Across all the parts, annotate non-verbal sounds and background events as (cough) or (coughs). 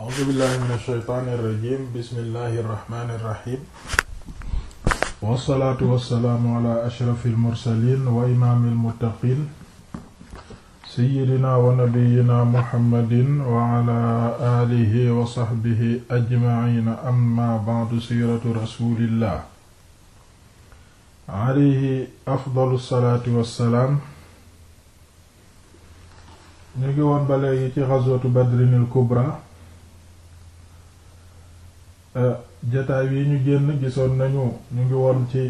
a'uuzu billahi min ashaytaani irrajim bismillahi irrahmani irrahim wassalaatu wassalaamu ala ashrafi almursalin wa imaami almuttaqin seyidina wa nabiyina muhammadin wa ala aalihi wa saxbihi ajmaciina amma bacdu siiratu rasulillah alayhi afdalu salaatu wassalaam ñu ngi woon ba léegi ci xazwatu badrinil kubra Euh, jataay wi ñu génn gisoon nañu ñu ngi woon ci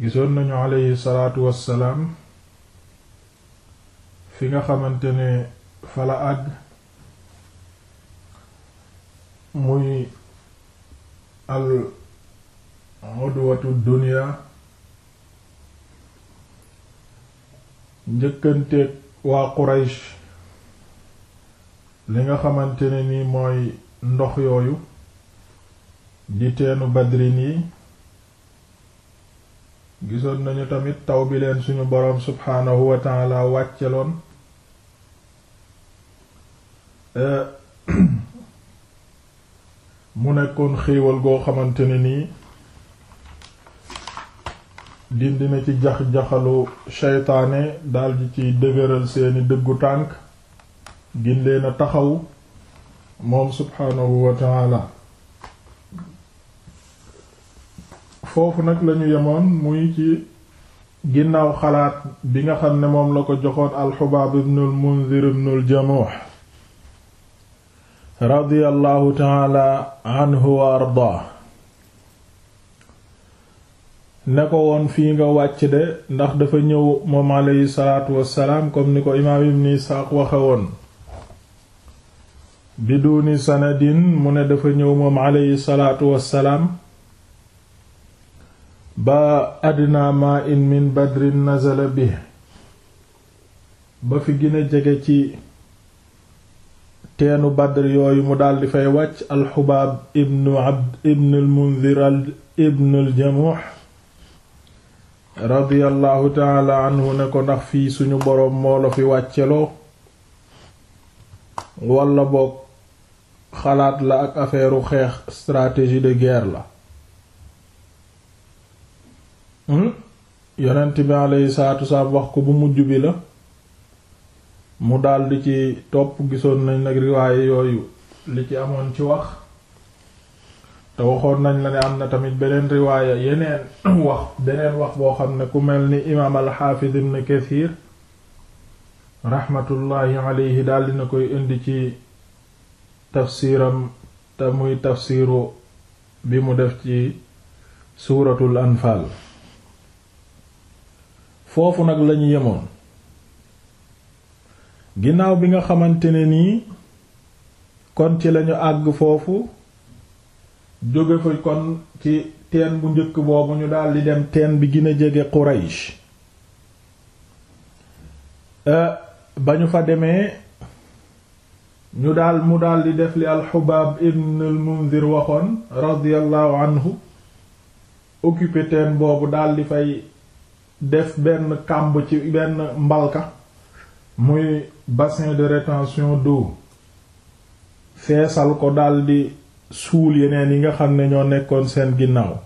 gisoon nañu aleyhi salaatu wassalaam fi nga xamante ne fala àgg muy al udwatu dunya njëkkanteeg waa Quraysh li nga xamantane ne ni mooy ndox yooyu di teenu badrin yi gisoon nañu tamit taw bi leen suñu boroom subhaanahu wa taala wàcceloon mu nekkoon xiiwal goo xamante ne nii dindi na ci jax-jaxalu seytaane daldi ci dëgëral seeni dëggu tànk gin leen a taxaw moom subhaanahu wa foofu nag lañu yemoon muy ci ginnaaw xalaat bi nga xam ne moom la ko joxoon alxubaab ibnul mundir ibnul jamuux radiyallahu taala anhu wa ardaa ne ko woon fii nga wàcc de ndax dafa ñëw moom aleyhi salaatu wassalaam comme ni ko imaam ibn isaaq waxe biduni sanadin mu ne dafa ñëw moom aleyhi salaatu wassalaam ba adna ma in min badrin nazala bi ba fi gën jege ci teenu badr yooyu mu daldi fay wàcc alxubaab ibnu abd ibn al mundir jamuux radiyallahu taala ne ko ndax fii suñu boroom moo fi wàcceloo walla bokk xalaat la ak affaire xeex stratégie de guerre la hmm? yonent bi alayhi salaatu salaam wax ko bu mujj bi la mu daldi ci topp gisoon nañ nag riwaaye yooyu li ci amoon ci wax te waxoon nañ la ne am na tamit beneen riwaaya yeneen (coughs) wax beneen wax boo xam ne ku mel ni imaam alxaafid ibn kathir rahmatullahi alayhi daldi na koy indi ci tafsiiram te muy tafsiiru bi mu def ci suuratul anfaal foofu nag lañu yemoon ginnaaw bi nga xamante ne nii kon ci lañu àgg foofu jóge fa kon ci teen bu njëkk boobu ñu daldi dem teen bi gina a jege Quraysh eh, ba ñu fa demee ñu daal mu daal di def li alxubaab ibn al waxoon radiyallahu anhu occupé boobu daal fay def benn kàmb ci benn mbalka muy bassin de rétention d'eau feesal ko daldi suul yeneen yi nga xam ne ñoo nekkoon seen ginnaaw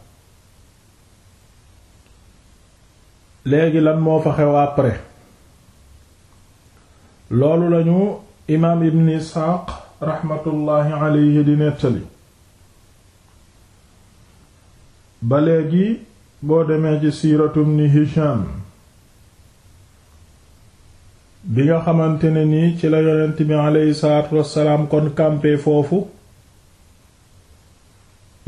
léegi lan moo fa xew après loolu lañu imaam ibn isxaaq raxmatullaahi alayhi di nettali ba léegi boo demee ci siiratu ibn hisham bi nga xamante ne nii ci la yonent bi alayhi salaatu wassalaam kon campé foofu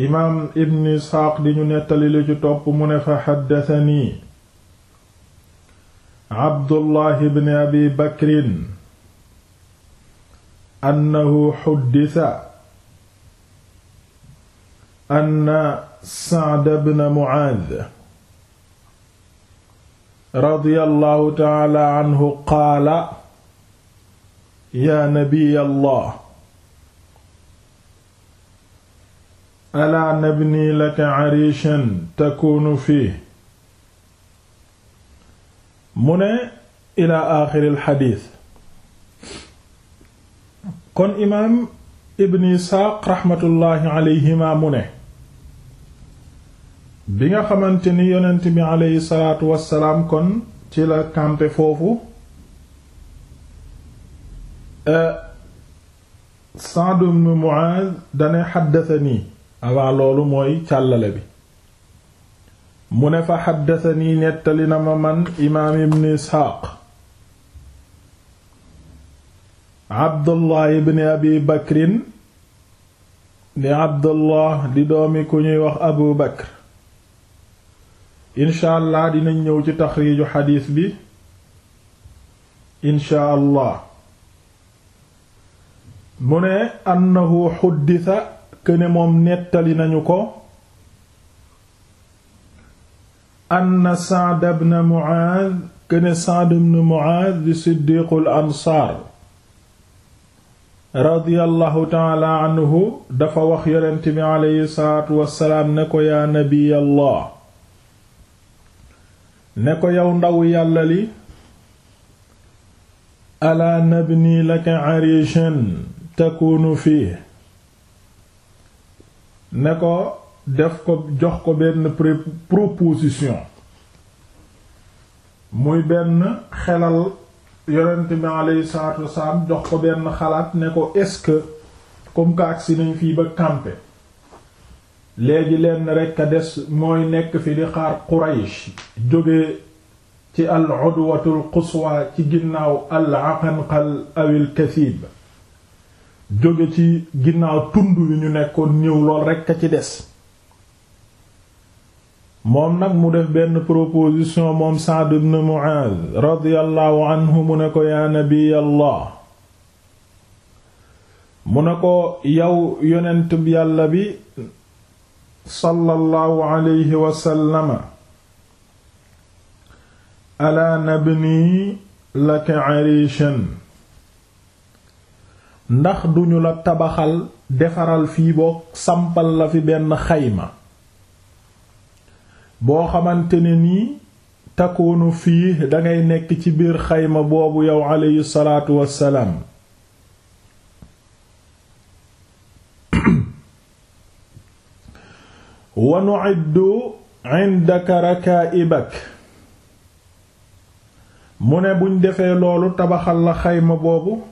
imaam ibn isxaaq di ñu nettali li ci topp mu ne fa xaddatanii abdullahi ibn abi bakrin annahu xuddisa anna Sa'd ibn Mu'aaz radiyallahu ta'ala anhu qaala yaa nabiyallah alaa nabni laka ariishan takuunu fiih mu ne ilaa aaxiril xadiis kon imaam ibn isxaaq raxmatullaahi mu ne bi nga xamante ni yonent bi aleyhi salaatu wassalaam kon ci la campé foofu e, Sa'd ibn Mu'aaz dane xaddathanii avant loolu mooy càllale bi mu ne fa xaddathanii nettali na ma man imaam ibn isxaaq abdullah ibn abi bakrin di abdullah di doomi ku ñuy wax abu bakr incha allah dinañ ñëw ci taxriiju xadiis bi incha allah mu ne annahu xuddisa këne moom nettali nañu ko anna Sa'd ibn Mu'aaz këne Sa'd ibn Mu'aaz di siddiqul ansaar radiyallahu taala anhu dafa wax yonent bi aleyhi salaatu wassalaam ne ko yaa nabiyallah ne ko yow ndaw yàlla li alaa nabni laka arishan takunu fii ne ko def ko jox ko benn proposition muy benn xelal yonent bi alayhi salaatu wasalaam jox ko benn xalaat ne ko est-ce que comme que nañ fii ba campé léegi leen rekk a des mooy nekk fi di xaar Quraysh jóge ci al udwatul quswa ci ginnaaw al aqanqal awil kathib jóge ci ginnaaw tund wi ñu nekkoon ñëw lool rekk a ci des moom nag mu def benn proposition moom Saad ibn Mu'aaz radiyallahu mu ne ko yaa nabiyallah mu ne ko yow yonent yàlla bi sallallahu alayhi wasallama alaa nabni laka arishan ndax duñu la tabaxal defaral fii boo sampal la fi benn xayma boo xamante ne nii takoonu fii dangay nekk ci biir xayma boobu yow aleyhi salaatu wassalaam (clears throat) wa nu'iddu indaka rakaa'ibak mu ne buñ defee loolu tabaxal la xayma boobu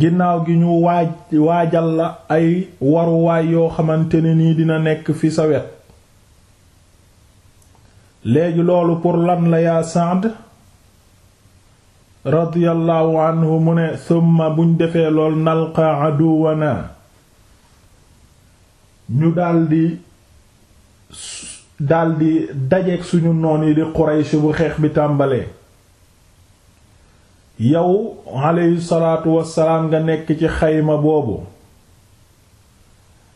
ginnaaw gi ñu waaj waajal la ay waruwaay yoo xamante ne nii dina nekk fi sa wet léegi loolu pour lan la yaa Saad radiyallahu anhu mu ne summa buñ defee lool nalqa aduwana ñu daldi daldi dajeek suñu noon yi di Quraysh bu xeex bi tàmbalee yow aleyhi salaatu wassalaam nga nekk ci xayma boobu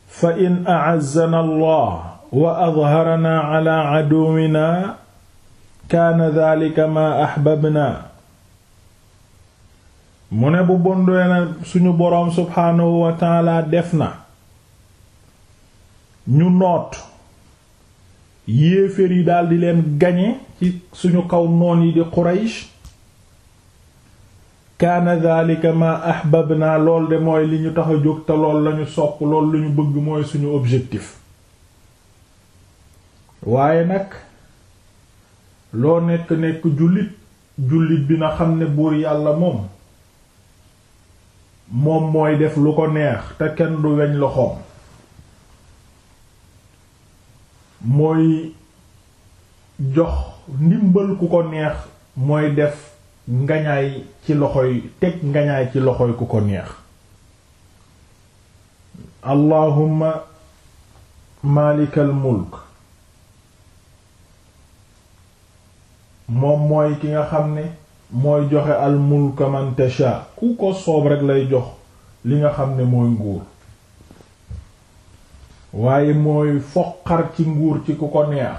fa in a'azzana wa adharana ala aduwina kaana dhalika ma ahbabna mu ne bu bondee na suñu boroom subhaanahu wa def na ñu noot yéeféer yi daldi leen gañe ci suñu kaw noon yi di Quraysh kaana dhalika ma ahbabna lool de mooy li ñu tax jóg te lool lañu sopp lool lañu bëgg mooy suñu objectif waaye nag loo nekk nekk jullit jullit bi na xam ne buur yàlla moom moom mooy def lu ko neex te kenn du weñ loxoom mooy jox ndimbal ku ko neex mooy def ngañaay ci loxoy teg ngañaay ci loxoy ku ko neex allahumma malikal mulk moom mooy ki nga xam ni mooy joxe al mulka man tasha ku ko soob rek lay jox li nga xam ne mooy nguur waaye mooy foqar ci nguur ci ku ko neex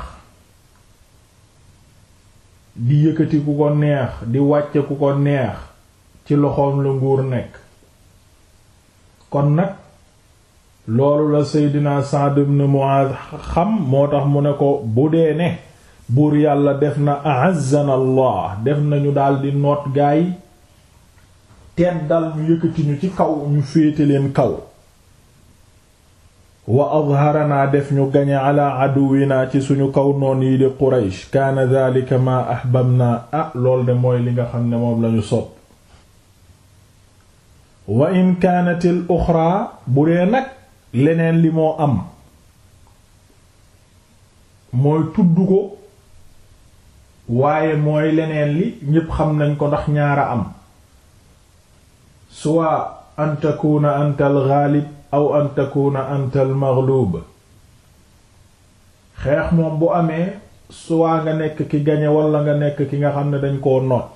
di yëkkati ku ko neex di wàcce ku ko neex ci loxoom la nguur nekk kon nag loolu la Seydina Sa'd ibn Mu'adh xam moo tax mu ne ko bu dee ne buur yàlla def na ahazzana def nañu daldi noot gaay teddal ñu yëkkati ci kaw ñu féete leen kaw wa azharanaa def ñu gañe ala aduwinaa ci suñu kaw noon yi di quraysh kaana dhalika ma ahbabnaa ah lool de mooy li nga xam ne moom lañu sopp wa in kaanatil uxraa bu dee nag leneen li moo am mooy tudd ko waaye mooy leneen li ñépp xam nañ ko ndax ñaara am soit an takuna ghalib aw an takuna anta al-maghlub xeex moom bu amee soit nga nekk ki gañe walla nga nekk ki nga xam ne dañ koo noot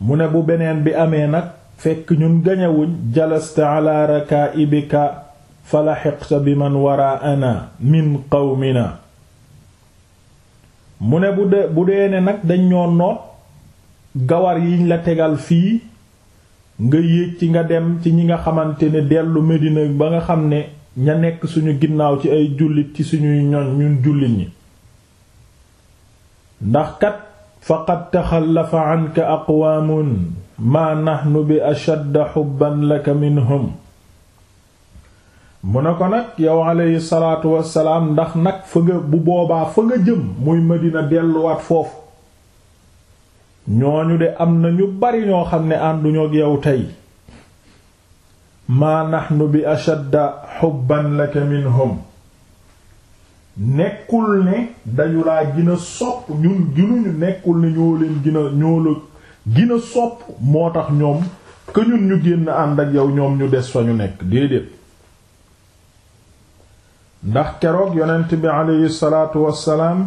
mu ne bu beneen bi amee nag fekk ñun gañewuñ jalasta ala rakaibika falahiqta bi man waraana min qawmina mu ne bu dee bu dee ne nag dañ ñoo noot gawar yiñ la tegal fii nga yéeg ci nga dem ci ñi nga xamante ne dellu Medina ba nga xam ne ña nekk suñu ginnaaw ci ay jullit ci suñuy ñoñ ñun jullit ñi ndax kat faqad taxallafa anka aqwaamun maa nahnu bi ashadda xubban laka minhum mu ne ko nag yow alayhi salaatu wassalaam ndax nag fa nga bu boobaa fa nga jëm muy Madina delluwaat foofu ñooñu de am na ñu bari ñoo xam ne ànduñu ak yow tey maa nahnu bi ashadda hubban laka minhum nekkul ne dañu laa gina sopp ñun ginuñu nekkul ne ñoo leen gina ñoo la gina sopp moo tax ñoom que ñu génn ànd ak yow ñoom ñu des fa ñu nekk déedéet ndax keroog yonent bi aleyhi salaatu wassalaam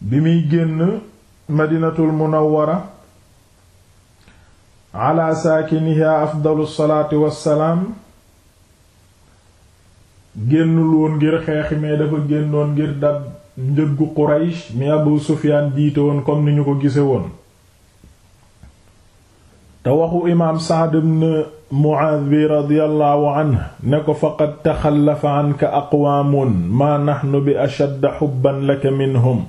bi muy génn madinatul munawwara ala saakiniha afdalu salaati wassalaam génnul woon ngir xeex mais dafa génnoon ngir dab njëggu Quraysh mi Abu Sufyaan jiite comme ni ñu ko gise woon te waxu imaam Sa'd ibn Mu'aaz bi radiyallahu anhu ne ko faqad taxallafa anka aqwaamun maa naxnu bi ashadda xubban laka minhum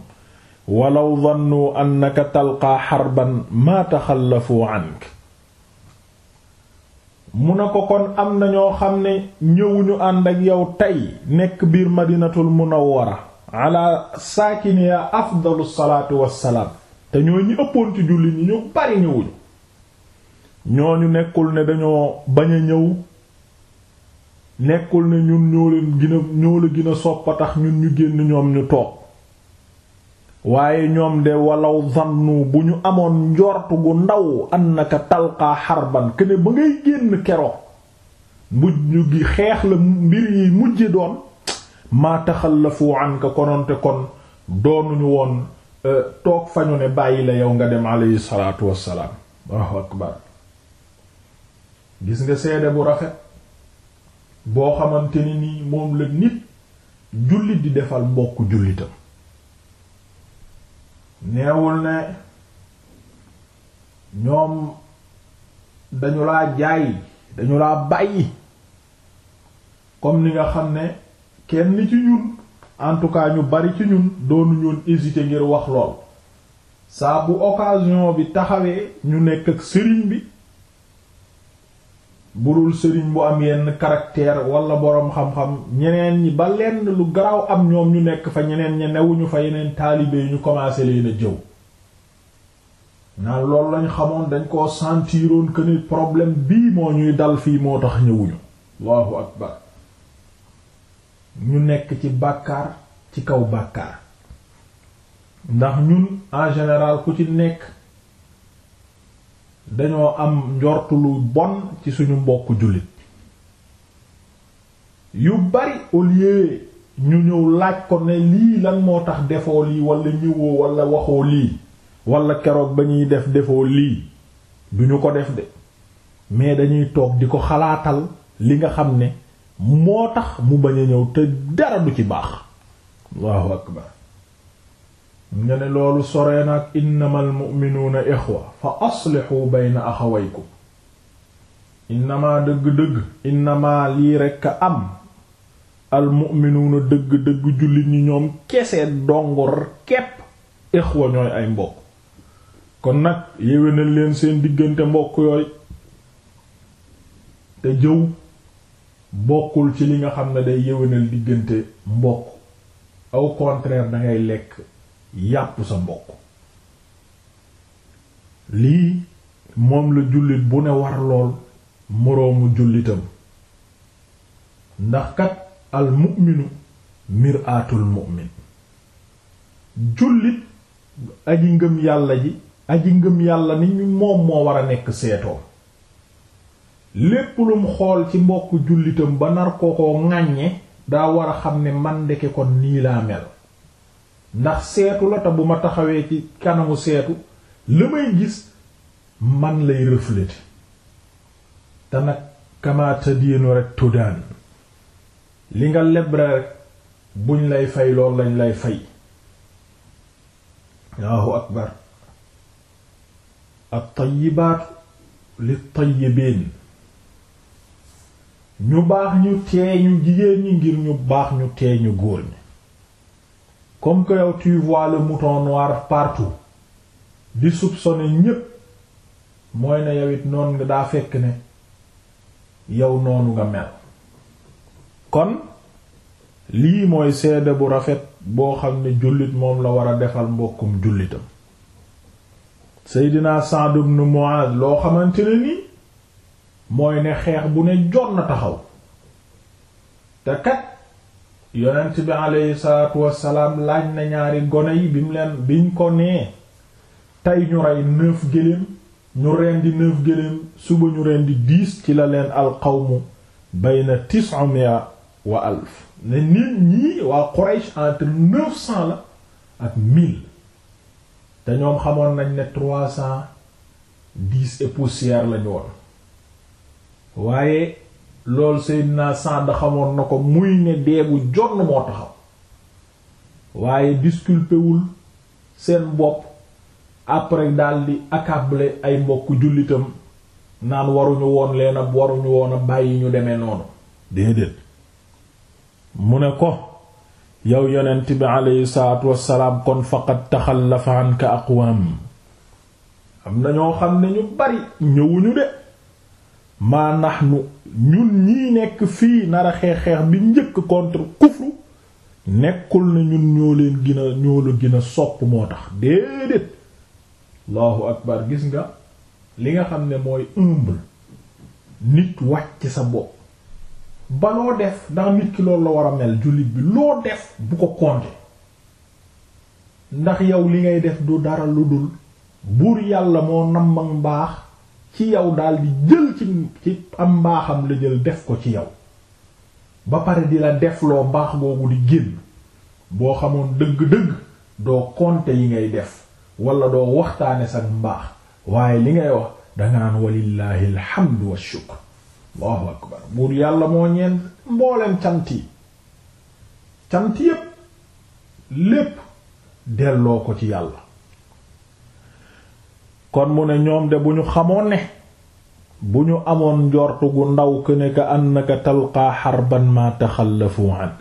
walaw dannu annaka talqaa xarban maa taxallafu anka mu ne ko kon am na ñoo xam ne ñëwuñu ànd ak yow tey nekk biir madinatul munawwara ala saakiniya afdalu salaatu wassalaam te ñoo ñi ëppoon julli ñu bari ñëwuñu ñooñu nekkul ne dañoo bañ a ñëw nekkul ne ñun ñoo leen gën a ñoo la gën a soppa tax ñun ñu génn ñoom ñu toog waaye ñoom de walaw zannu bu ñu amoon njort gu ndaw annaka talqaa xarban ne ba ngay génn keroog mujj gi xeex la mbir yi mujje doon maa taxallafu anka kononte kon doonuñu woon euh, toog fañu ne bàyyi la yow nga dem aleyhi salaatu gis nga seede bu rafet boo xamante ni nii moom la nit jullit di defal bokk jullitam neewul ne ñoom dañu laa jaay dañu laa bàyyi comme ni nga xam ne kenn ci ñun en tout cas ñu bari ci ñun doonu ñoon hésiter ngir wax lool saa bu bi taxawee ñu nekk ak sëriñ bi budul sëriñ bu am yenn caractère wala boroom xam-xam ñeneen ñi ba lenn lu garaaw am ñoom ñu nekk fa ñeneen ña newuñu fa yeneen taalibe yi ñu commencé leen a jëw naan loolu lañ xamoon dañ koo sentiroon que ni problème bii moo ñuy dal fii moo tax ñëwuñu allahu akbar ñu nekk ci bàkkaar ci kaw bàkkaar ndax ñun en général ku ci nekk dañoo am njort lu bon ci suñu mbokk jullit yu bari au ñu ñëw laaj ko ne lii lan moo tax defoo lii walla ñëwoo wala waxoo lii wala keroog ba ñuy def defoo lii duñu ko def de mais dañuy toog di ko xalaatal li nga xam ne moo tax mu bañ a ñëw te dara du ci baax Allahu akbar nga ne loolu soree na ak innamal mu'minuuna ixwa fa aslixu bayna axawaykum innama dëgg-dëgg innama lii rekk a am al mu'minuuna dëgg-dëgg jullit ñi ñoom kese dongor képp ixwa ñooy ay mbokk kon nag yéwénal leen seen diggante mbokk yooyu te jëw bokkul ci li nga xam ne day yéwénal diggante mbokk au contraire dangay lekk yàpp sa mbokk lii moom la jullit bu ne war lool moroomu jullitam ndax kat al mu'minu miraatul mu'min jullit aji ngëm yàlla ji aji ngëm yàlla ni ñu moom moo war a nekk seetoo lépp xool ci mbokk jullitam ba nar ko ko ŋàññe daa war a xam ne man ndeke kon nii laa mel ndax seetu la bu ma taxawee ci kanamu seetu la may gis man lay refléter te nag kamaata diinu rek tuddaan li nga lebre rek buñ lay fay lool lañ lay fay Allahu akbar at-tayyibaatu lit-tayyibiin ñu baax ñu tee ñu jigéen ñi ngir ñu baax ñu tee ñu góor ñi comme que yow tu vois le noir partout di soupçonner ñépp mooy ne yow it nga daa fekk ne yow noonu nga mel kon lii mooy seede bu rafet boo xam ne jullit moom la war a defal mbokkum jullitam Seydina Sa'd ibn Mu'adh loo xamante ne nii mooy ne xeex bu ne jot na taxaw te kat yonent bi aleyhi salaatu wassalaam laaj na ñaari gone yi bi leen biñ ko nee tey ñu rey neuf gëléem ñu rendi neuf gëléem suba ñu rendi dix ci la leen alqawmu bayna tis'a mi'a wa ne nit ñi waa Quraysh entre neuf cent la ak mille te ñoom xamoon nañ ne trois cent lañu woon waaye lool Seydina Sa'd xamoon na ko muy ne deegu jonn moo taxaw waaye disculpé wul seen bopp après daldi accablé ay mbokk jullitam naan waruñu woon leen ab waruñu woon a bàyyi ñu demee noonu déedéet mu ne ko yow yonent bi aleyhi salaatu wassalaam kon faqad taxallafa anka aqwaam am na ñoo xam ne ñu bari ñëwuñu de ma maa nahnu ñun ñii nekk fii nara xeex-xeex bi njëkk contre kufru nekkul na ñun ñoo leen gën a ñoo la gën a sopp moo tax déedéet allahu akbar gis nga li nga xam ne mooy humble nit wàcc sa bopp ba loo def ndax nit ki loolu la war a mel jullit bi loo def bu ko compter ndax yow li ngay def du dara lu dul buur yàlla moo nam mbaax ci yow daal di jël ci am mbaaxam la jël def ko ci yaw ba pare di la def loo baax googu di génn boo xamoon dëgg-dëgg doo compter yi ngay def walla doo waxtaane sax mbaax waaye li ngay wax dangaan walillahi alhamdu wa shukr allahu akbar buur yàlla moo ñeen mboolem cant yi yépp lépp delloo ko ci yàlla kon mu ne ñoom de bu ñu xamoon ne bu ñu amoon njort gu ndaw que ne ka annaka talqaa xarban ma taxallafu ank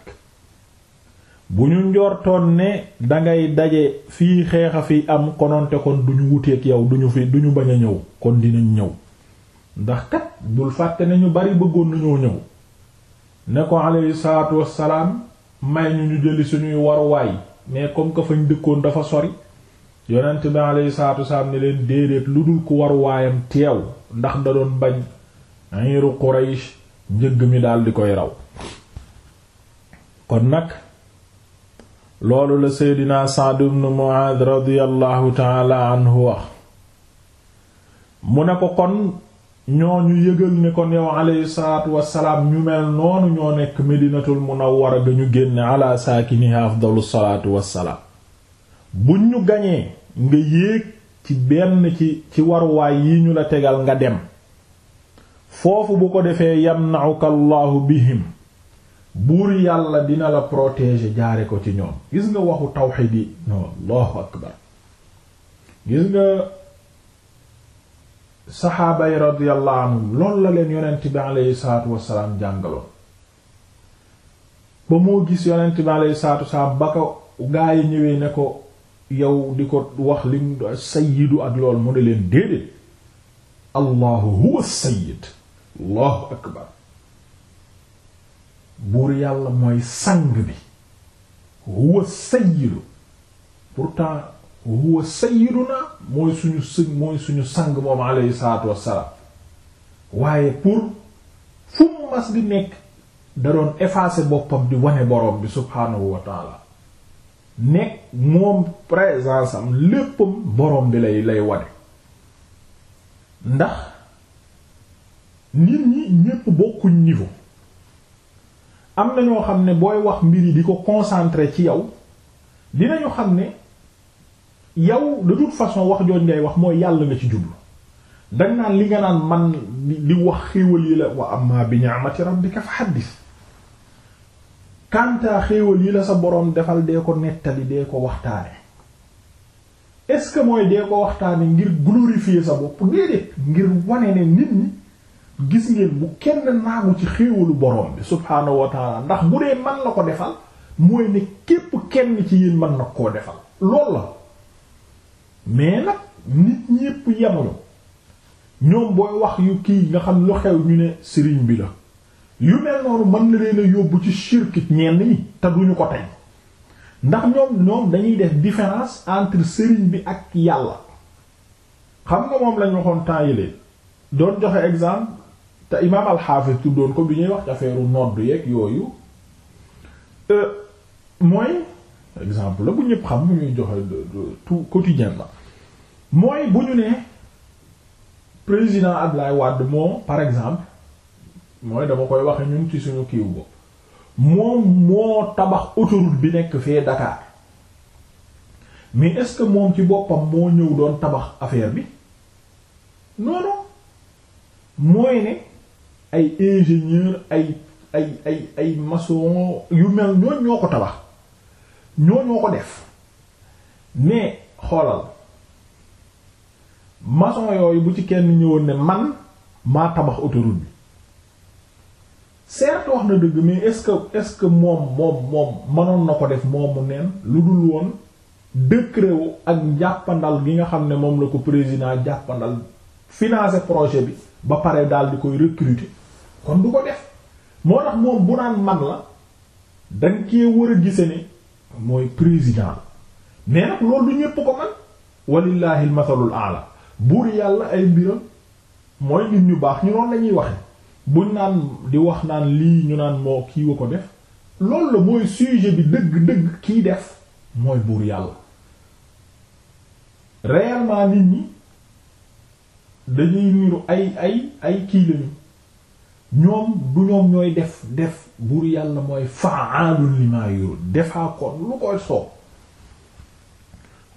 bu ñu njortoon ne dangay daje fii xeexa fi am kononte kon du ñu wuteeg yow duñu fi duñu bañ a ñëw kon dinañ ñëw ndax kat bul fàtte ne ñu bari bëggoon nañoo ñëw ne ko aleyhi salaatu wassalaam may ñu ñu jëli suñuy waruwaay mais comme que fañ dëkkoon dafa sori yonent bi alayhi salaatu lu dul ku ndax da doon bañ mi daal di koy raw kon nag loolu la seydinaa Sa'd ibn Mu'adh radiyallahu taala anhu kon ñooñu yëgal ne salaatu wassalaam ñu mel noonu ñoo nekk Medinatul Munawwara ga ñu génne ala saakiniha ñu gañee nga yéeg ci benn ci ci waruwaay yi ñu la tegal nga dem foofu bu ko defee yamna'uka Allahu bihim buur yàlla dina la protéger jaare ko ci ñoom gis nga waxu tawxid yi no Allahu nga saxaaba yi radiyallahu la leen yonent bi aleyhi salaatu wasalaam jàngaloon ba moo gis yonent bi aleyhi salaatu wasalaam ba ko gaa ñëwee ne ko yow di ko wax lim sayyidu ak lool mu ne leen déedéet allahu huwa sayyid allahu akbar buur yàlla mooy sang bi huwa sayyidu pourtant huwa sayyiduna mooy suñu sëñ mooy suñu sang moom alayhi salaatu wassalaam waaye pour fu mu mas di nekk da doon effacer boppam di wane borom bi subhaanahu wa nekk moom présence am léppam borom bi lay lay wane ndax nit ñi ñépp bokkuñ niveau am na ñoo xam ne booy wax mbir yi di ko concentrer ci yow dinañu xam ne yow de toute façon wax jooj ngay wax mooy yàlla nga ci jublu danga naan li nga naan man di wax xéewal yi la wa amma bi ni'mati rabbika fa haddith kantaa xéewal yi la sa boroom defal de ko nettali de ko waxtaane est de que mooy dee ko waxtaane ngir glorifier sa bopp déedéet ngir wane ne nit ñi gis ngeen bu kenn naagu ci xéewalu boroom bi subhaanahu wa ndax bu dee man la ko defal mooy ne képp kenn ci yéen man na koo defal lool la mais nag nit ñépp yemuñu ñoom booy wax yu kii nga xam lu xew ñu ne sëriñ bi la yu mel noonu mën na leen a yóbbu ci shirk ñenn ñi te duñu ko tey ndax ñoom ñoom dañuy def différence entre sëriñ bi ak yàlla xam nga moom lañ waxoon temps yëlee doon joxe exemple te imaam alxaafis tuddoon ko bi ñuy wax affaire nodd yeeg yooyu euh, mooy exemple la bu ñëpp xam bu ñuy joxe tout quotidien la mooy bu ñu ne président lay Wade moo par exemple mooy dama koy waxe ñun ci suñu kiiw bopp moom moo tabax autoroute bi nekk fee Dakar mais est-ce moom ci boppam moo ñëw doon tabax affaire bi non non mooy ne ay ingénieur ay ay ay ay maçon yu mel ñooñ ñoo ko tabax ñoo ñoo ko def mais xoolal maçon yooyu bu ci kenn ñëwoon ne man maa tabax autoroute bi certes wax na dëgg mais est-ce que est-ce que moom moom moom manoon na ko def mu neen lu dul woon décret wu ak jàppandal gi nga xam ne moom la ko président jàppandal financer projet bi ba pare daal di koy recruter kon du ko def moo tax moom bu naan man la danga cee war a gise ni mooy président mais nag loolu du ñépp ko man walillahi al mathalul a'la buur yàlla ay mbiram mooy nit ñu baax ñu noonu lañuy waxe buñ naan di wax naan lii ñu naan moo kii ko def loolu la mooy sujet bi dëgg-dëgg kii def mooy buur yàlla réellement nit ñi dañuy niru ay ay ay kii ñoom du ñoom ñooy def def buur yàlla mooy fa'aalun limaa yurid defaa kon lu koy soob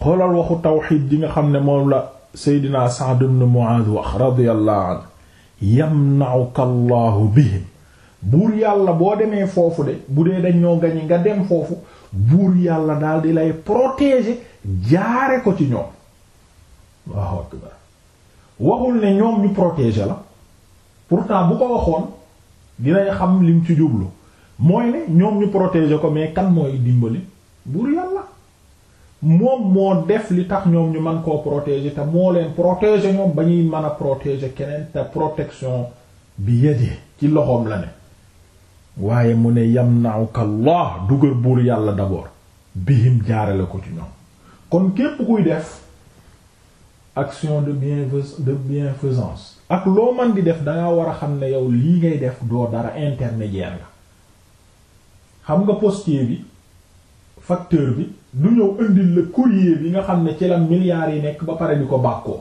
xoolal waxu tawxiid ji nga xam ne moom la Seydina Sa'd ibn Mu'adh wax radiyallahu anhu yamna'uka Allahu bihim buur yàlla boo demee foofu de bu dee dañ ñoo gañi nga dem foofu buur yàlla daal di lay protéger jaare ko ci ñoom Allahu akbar waxul ne ñoom ñu protéger la pourtant bu ko waxoon dinañ xam lim ci jublu mooy ne ñoom ñu protéger ko mais kan mooy dimbali buur yàlla moom moo def li tax ñoom ñu man koo protégé te moo leen protéger ñoom ba ñuy mën a protéger keneen te protection bi yadi ci loxoom la ne waaye mu ne yam yamna'uka Allah dugal buur yàlla d'abord bihim jaare la ko ci ñoom kon képp kuy def action de bienfaisance de bienfaisance ak loo man di def danga war a xam ne yow lii ngay def doo dara intermédiaire nga xam nga postier bi facteur bi du ñëw indil la courrier bi nga xam ne ci la milliards yi nekk ba pare di ko bàkkoo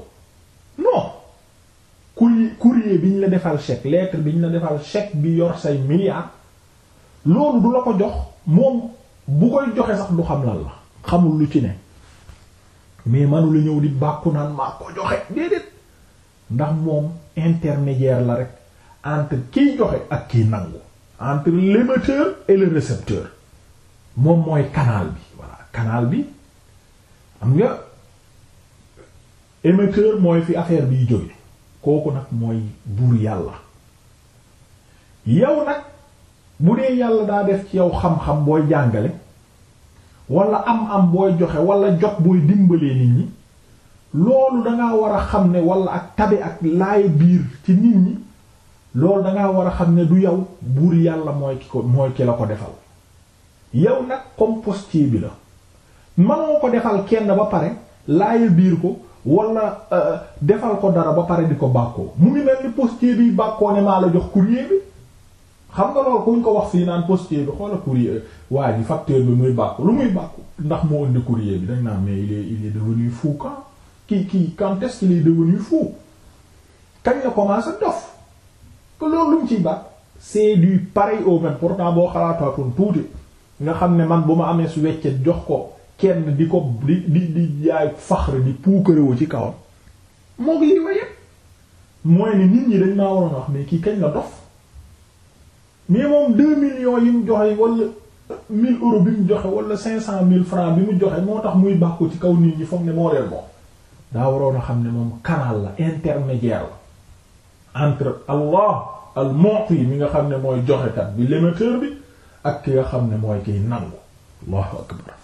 non courrier courrier bi ñu la defal chèque lettre bi ñu la defal chèque bi yor say milliards loolu du la ko jox moom bu koy joxe sax du xam lan la xamul lu ci ne mais manu la ñëw di bàkku naan maa ko joxe déedéet ndax moom intermédiaire la rek entre kiy joxe ak kiy nangu entre l'émetteur et le récepteur moom mooy canal bi ak bi am nga émetteur mooy fi affaire biy jóge kooku nag mooy buur yàlla yow nag bu dee yàlla daa def ci yow xam-xam booy jàngale wala am-am booy joxe wala jox booy dimbalee nit ñi loolu dangaa war a xam ne wala ak tabe ak laay biir ci nit ñi loolu danga war a xam ne du yow buur yàlla mooy ki ko mooy ki la ko defal yow nag compostier bi la manoo ko defal kenn ba pare laaya biir ko wala euh, defal ko dara ba pare di ko bàkkoo mu ngi mel ni postier bi bàkkoo ne maa la jox courrier bi xam nga loolu kuñ ko wax si naan postier bi xoola courrier waa ji facteur bi muy bàkku lu muy bàkku ndax moo indi courrier bi dañ naan mais il est il est devenu fou quand kii kii quand est-ce qu'il est devenu fou kañ la commencé dof que loolu lu mu ciy bàkk c'est du pareil au même pourtant boo xalaatoon tuuti nga xam ne man bu ma amee su weccet jox ko kenn di ko di di di jaay faxre di puukarewu ci kawam moog lii wa yépp mooy ni nit ñi dañ maa waroon wax mais kii kañ la dof mais moom deux millions yi mu joxe wala mille euros bi mu joxe wala cinq cent mille francs bi mu joxe moo tax muy bàkku ci kaw nit ñi foog ne moo leen moom daa waroon a xam ne moom canal la intermédiaire la entre Allah al mu'ti mi nga xam ne mooy joxekat bi l'émetteur bi ak ki nga xam ne mooy kiy nangu Allahu akbar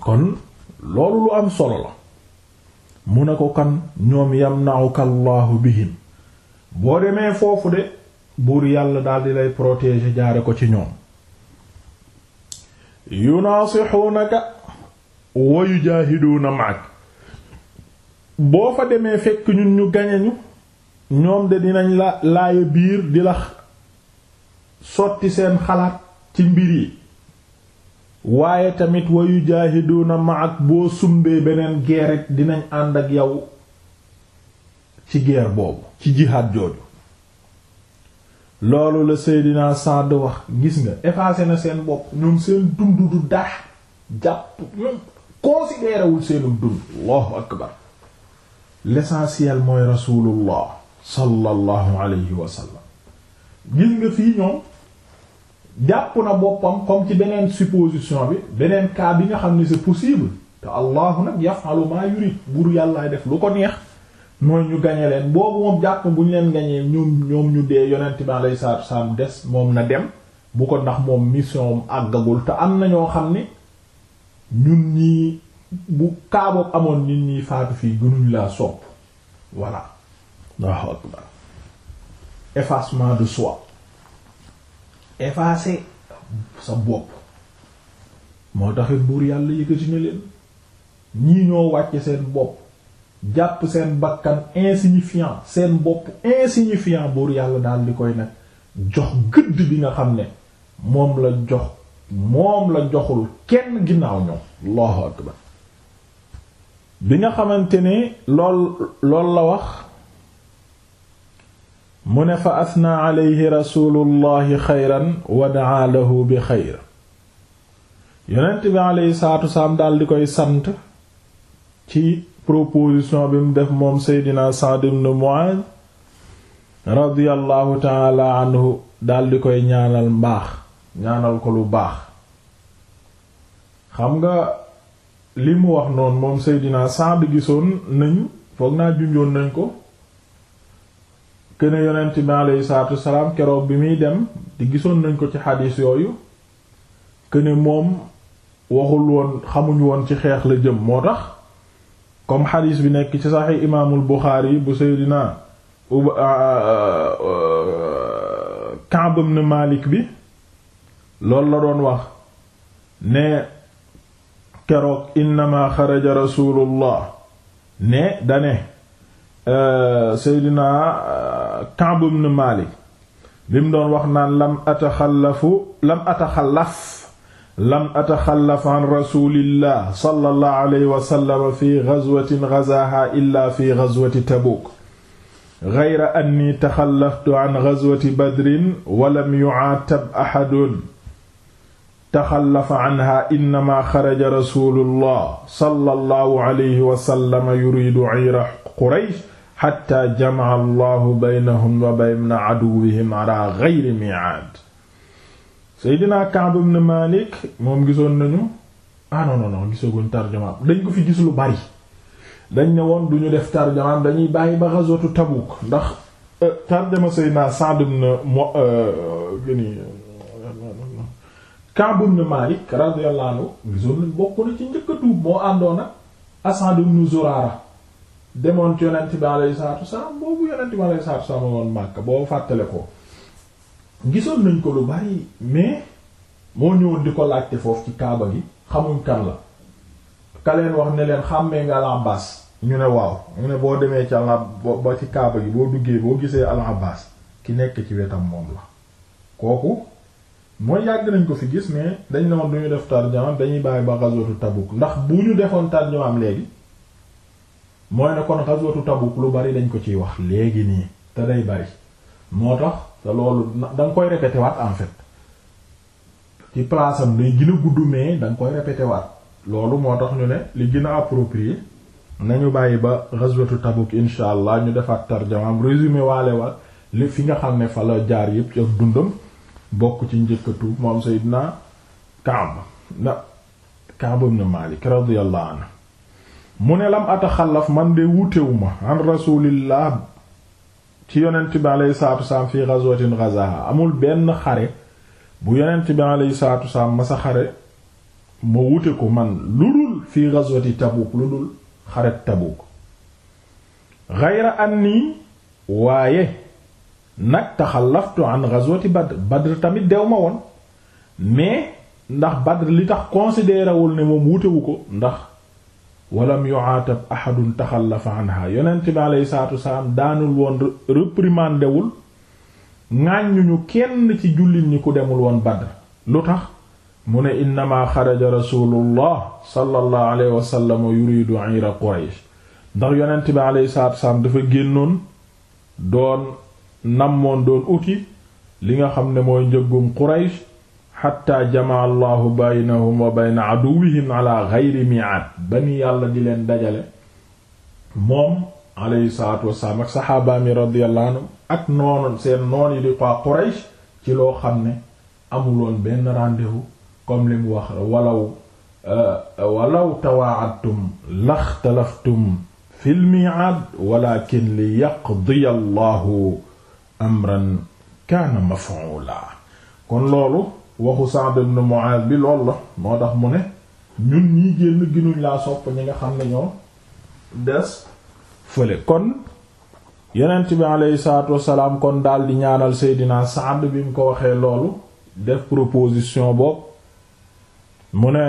kon loolu lu am solo la mu ne ko kan ñoom yamna'uka Allahu bihim boo demee foofu de buur yàlla daal di lay protéger jaare ko ci ñoom yunaasixuunaka wa yujaahiduuna ma'ak boo fa demee fekk ñun ñu gañeñu ñoom de dinañ la laaya biir di la sotti seen xalaat ci mbir yi waaye tamit wa yujaahiduuna ma'ak boo sumbee beneen guerre rek dinañ ànd ak yow ci guerre boobu ci jihaad jooju loolu la Seydina Saad wax gis nga effacé na seen bopp ñoom seen dund du daax jàpp ñoom considéré wul seenum dund allahu akbar l'essentiel mooy rasulullah sallallahu alayhi wa sallam gis nga fii ñoom jàpp na boppam comme ci beneen supposition bi beneen cas bi nga xam ne c'est possible te allahu nag yafalu maa yurid buru yàllaay def lu ko neex mooy ñu gañe leen boobu moom jàpp bu ñu leen gañee ñoom ñoom ñu dee yonent bi alayhi salaatu salaam des moom na dem bu ko ndax moom mission àggagul te am na ñoo xam ne ñun ñii bu kaaboob amoon nit ñi faatu fii gënuñ laa sopp voilà waaw effacement de soi effacer sa bopp moo taxit buur yàlla yëkkati na leen ñii ñoo wàcce seen bopp jàpp seen bakkan insignifiant seen bopp insignifiant buur yàlla daal di koy nag jox gëdd bi nga xam ne moom la jox moom la joxul kenn ginnaaw ñoom allahu nga xamante ne lool lool la wax mu ne fa asna alayhi rasulullahi xayran wa daa bi xayr yonent bi alayhi salaatu salaam di koy sant ci proposition bi mu def moom seydina Sa'd ibn Mu'adh radiyallahu taala anhu daal di koy ñaanal mbaax ñaanal ko lu baax xam nga li mu wax noonu moom seydina Sa'd gisoon nañu foog naa junjoon nañ ko këne yonent bi aleyhi salaatu wasalaam keroog bi muy dem te gisoon nañ ko ci xadiis yooyu këne moom waxul woon xamuñ woon ci xeex la jëm moo tax comme xadiis bi nekk ci saxi imaamul Buxaari bu Seydina ah, Kaab ibn Maalik bi loolu la doon wax ne keroog innama xaraja rasulullah ne dane eh, Seydina Ka'b ibn Malik bi mu doon wax naan lam ataxallafu lam ataxallaf lam ataxallaf an rasulillah sallallahu alayhi wa sallam fi ghazwatin ghazaha illa fi ghazwati Tabuk ghayra anni taxallaftu an ghazwati badrin wa lam yu'atab ahadun taxallafa anha innama xaraja rasulullah sallallahu alayhi wa sallam yuridu ayra Quraysh xatta jamaa allahu baynahum wa bayna aduwihim ala geyri mi'aad seydina Ka'b ibn Malik moom gisoon nañu ah non non non gisaguñ tarjamaam dañ ko fi gis lu bari dañ ne woon duñu def tarjamaam dañuy bàyyi ba ghazwatu Tabuk ndax euh, tarjama seydina Sa'd euh, Malik radiyallahu anhu gisoon nañ bokk na ci njëkk a tuub moo àndoona Asad ibn Zurara demoon ci yonent bi alayhi salaatu wassalaam boobu yonent bi alayhi salaatu wassalaam woon Makka boo fàttale ko gisoon nañ ko lu bari mais moo ñëwoon di ko laajte foofu ci kaaba gi xamuñ kan la ka wax ne leen xàmmee nga al-Abbaas ñu ne waaw ñu ne boo demee ci ala ba ci kaaba gi boo duggee boo gisee al baas ki nekk ci wetam moom la kooku mooy yàgg nañ ko fi gis mais dañ ne woon du ñu def tarjamaam dañuy bàyyi ba ghazwatu Tabuk ndax bu ñu defoon tarjamaam léegi mooy ne kon xaswatu Tabuk lu bari dañ ko ciy wax léegi nii te day bari moo tax te loolu da nga koy répété waat en fait ci place day gën a gudd mais da nga koy répété waat loolu moo tax ñu ne li gën a approprié nañu bàyyi ba xaswatu Tabuk insha allah ñu defaat tarjamaam résumé waale waat li fi nga xam ne fa la jaar yépp ci dundam bokk ci njëkkatu moom Seydina Kaab na Kaab ibn Malik radiyallahu anhu mu ne lam ataxallaf man de wutewu ma an rasulillah ci yonent bi alayhi salaatu wasalaam fi ghazwatin ghazaha amul benn xare bu yonent bi alayhi salaatu wasalaam ma sa xare ma wute ko man lu dul fi ghazwati Tabuk lu dul xare Tabuk ghayra anni waaye nag taxallaftu an ghazwati Badr Badr tamit dew ma woon mais ndax Badr li tax considéré wul ne moom wutewu ko ndax walam yu'atab ahadun taxallafa anha yonent bi alayhi salaatu wasalaam daanul woon réprimandewul ŋàññuñu kenn ci jullit ñi ku demul woon Badr lu tax mu ne innama xaraja rasulullah sallallahu alayhi wa sallam yuridu ayra Quraysh ndax yonent bi alayhi salaatu wasalaam dafa génnoon doon namoon doon uti li nga xam ne mooy njëggum Quraysh xatta jamaa allahu baynahum wa bayna aduwihim ala geyri mi'ad ba ni yàlla di leen dajale moom alayhi salaatu wasalaam ak saxaabaami radiyallahu anhum ak noonu seen noon yi di waa Quraysh ci loo xam ne amuloon benn rendez-vous comme li mu wax walaw euh, walaw tawaa'adtum laxtalaftum fil mi'ad walakin li yaqdiya allahu amran kaana maf'uula kon loolu waxu Sa'd ibn Mu'adh bi lool la moo tax mu ne ñun ñii génn ginuñ laa sopp ñi nga xam ne ñoo des fële kon yonent bi aleyhi salaatu wasalaam kon daal di ñaanal Seydina Sa'd bi mu ko waxee loolu def proposition boobu mu ne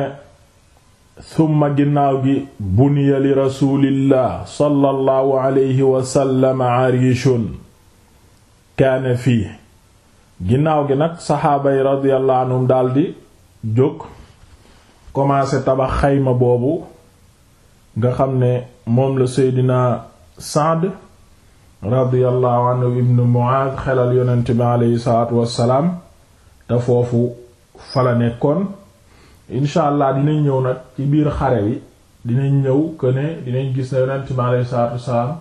summa ginnaaw gi buniya li rasulillah sallallahu alayhi wa sallam arishun fii ginnaaw gi nag saxaaba yi radiyallahu anhum daldi jóg commencé tabax xayma boobu nga xam ne moom la seydina Saad radiyallahu anhu ibnu Muaaz xelal yonent bi aleyhi salaatu wassalaam te foofu fala nekkoon incha allah dinañ ñëw nag ci biir xare wi dinañ ñëw que ne dinañ gis ne yonent bi aleyhi salaatu wassalaam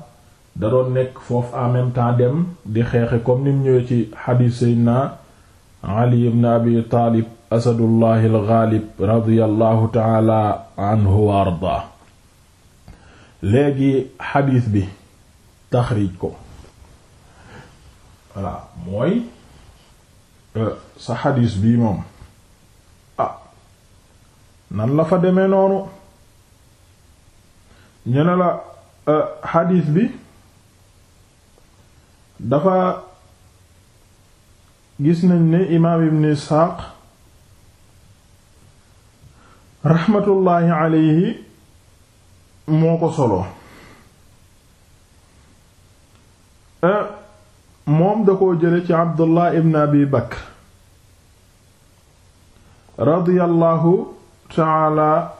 da doon nekk foofu en même temps dem di xeexe comme nim ñëwee ci xadiis seydna ali ibn abi taalib asadullahi alxaalib radiallahu taala anhu wa arda léegi xadiis bi taxriij ko voilà mooy euh, sa xadiis bii moom ah nan la fa demee noonu ñu ne la euh, xadiis bi dafa gis nañ ne imaam ibn isxaaq raxmatullaahi alayhi moo ko solo eh, moom da koo jële ci abdullah ibn abi bakr radiyallahu taala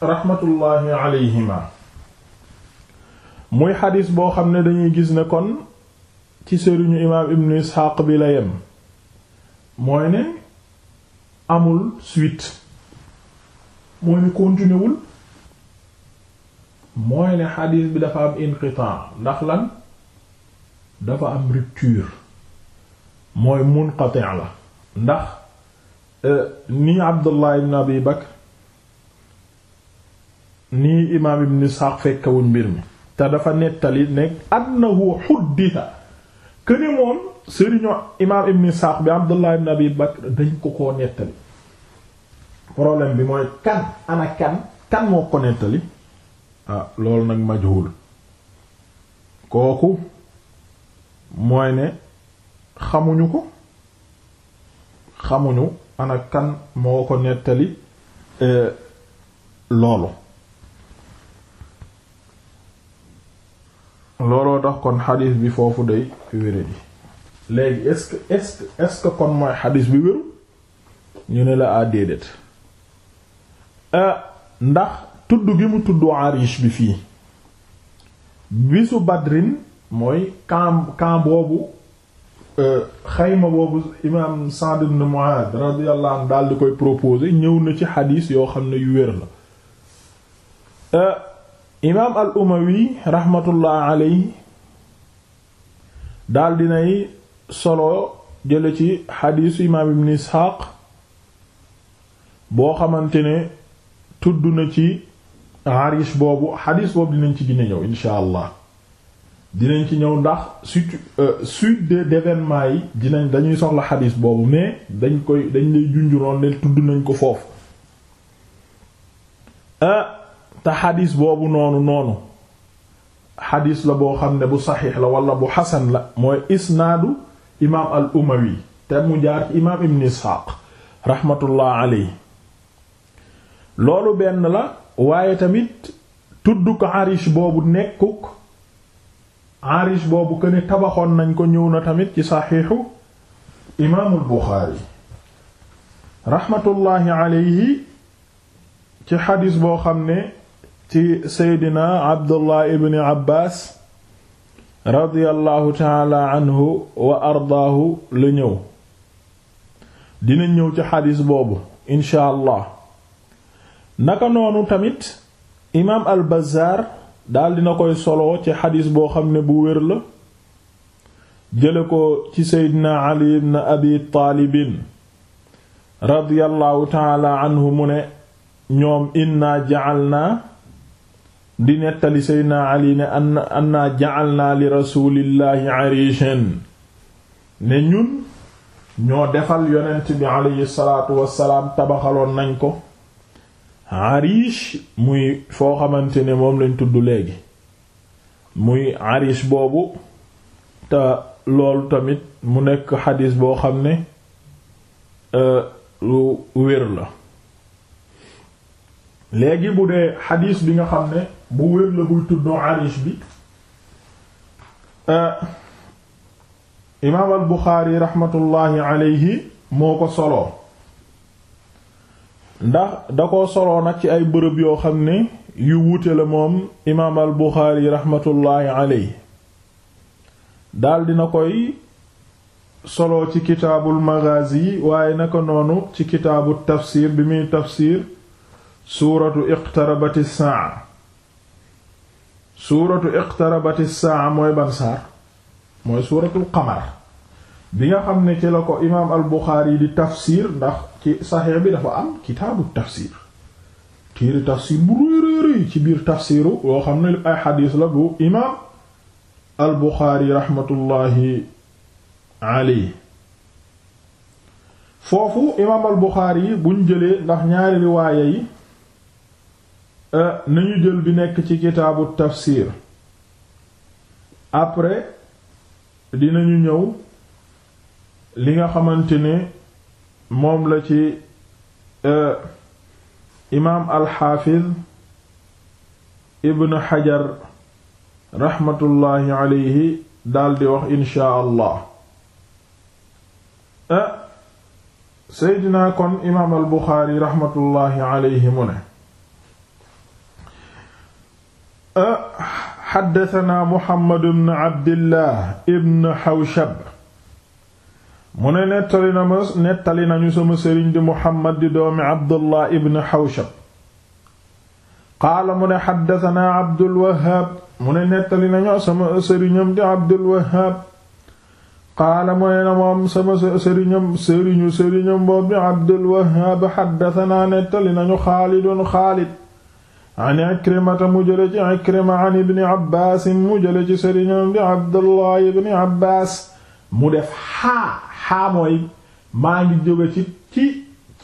raxmatullaahi alayhima muy xadis boo xam ne dañuy gis ne kon ci sëriñu imaam ibnu isxaaq bi la yem mooy ne amul suite mooy ne continuer wul mooy ne xadiis bi dafa am inqitaa ndax lan dafa am rupture mooy munqati' la ndax euh, nii Abdullah ibn Abi Bakr nii imaam ibn isxaaq fekkewuñ mbir mi te dafa nettali nekk annahu xuddita que ne moom sëriñu imaam ibn Isxaaq bi Abdullah ibn Abi Bakr dañ ko koo nettali problème bi mooy kan ana kan ah, kooku mooy ne xamuñu ko xamuñu ana kan moo ko nettali eh, loolu looloo tax kon xadis bi foofu day wére léegi est-ce que kon mooy xadis bi wéru ñu ne la àddéedéet ah, euh, ndax tudd gi mu tudd Arish bi fii bisu Badrin mooy camp camp boobu euh, xayma boobu imaam Sa'd ibn Mu'adh radiyallahu anhu daal di koy proposer ñëw na ci xadis yoo xam ne yu wér la euh, imaam al umawi raxmatullah aley daal dinay solo jële ci xadiisu imaam ibn isxaaq boo xamante ne tudd na ci arish boobu xadiis boobu dinañ ci gën a ñëw insha allah dinañ ci ñëw ndax suite euh, suite des événements yi dinañ dañuy soxla xadiis boobu mais dañ koy dañ lay junjuroon ne tudd nañ ko foofu euh, te xadis boobu noonu noonu xadis la boo xam ne bu saxiix la walla bu xasan la mooy isnaadu imaam al umawi te mu jaar ci imaam ibn isxaaq rahmatullah aley loolu benn la waaye tamit tudd ko arish boobu nekkuk arish boobu ko ne tabaxoon nañ ko ñëw na tamit ci saxiixu imaamul buxaari rahmatullahi aleyhi ci xadis boo xam ne ci seydina abdullah ibni abbas radiyallahu taala anhu wa ardaahu la ñëw dina ñëw ci xadis boobu incha allah naka noonu tamit imaam al bazaar daal dina koy solo ci xadis boo xam ne bu wér la jële ko ci seydina ali ibn abi taalibin radiyallahu taala anhu mu ne ñoom inna ja'alna di nettali seydna ali ne am an annaa ja'alnaa li rasulillahi arishan ne ñun ñoo defal yonent bi aleyhi salaatu wassalaam tabaxaloon nañ ko arish muy foo xamante ne moom lañ tudd léegi muy arish boobu te loolu tamit mu nekk xadiis boo xam ne e, lu wér la léegi bu dee xadis bi nga xam ne bu wér la buy tuddoo arish bi euh, imaam al buxaari raxmatullaahi aleyhi moo ko soloo ndax da ko soloo nag ci ay bërëb yoo xam ne yu wuute la moom imaam al buxaari raxmatullaahi aleyhi daal dina koy solo ci kitaabul maghazi waaye naka noonu ci kitaabu tafsir bi muy tafsir suuratu iqtarabati saa suuratu iqtarabati saa mooy ban mooy suuratul qamar bi nga xam ne ci la ko imaam al buxaari di tafsir ndax ci saxiix bi dafa am kitaabu tafsir téere tafsir bu réeréeréy ci biir tafsiru yoo xam ne ay xadiis la bu imaam al buxaari raxmatullaahi aley foofu imaam al buxaari buñ jëlee ndax ñaari riwaaya yi Euh, nañu jël bi nekk ci kitaabu tafsir après dinañu ñëw li nga xamante ni moom la ci euh, imaam alxaafiz ibn xajar raxmatullaahi aleyhi daldi wax inshaa allah euh, seydinaa kon imaam albuxaari raxmatullaahi aleyhi mu ne xaddatanaa Muhammad ibn Abdillah ibn Hawshab mu ne nettali na ma nettali nañu sama sëriñ di Muhammad di doomi Abdullah ibn Hawshab qaala mu ne xaddatanaa Abdul Wahhab mu ne nettali nañu sama sëriñam di Abdul Wahhab qaala mu ne na moom sama sëriñam sëriñu sëriñam boobu di Abdul Wahhab xaddatanaa nettali nañu Xaalidun Xaalid an Ikrimata mu jële ci Ikrima an ibni Abbaas mu jële ci sëriñam bi Abdullah ibni Abbaas mu def xaa xaa mooy maa ngi jóge ci ci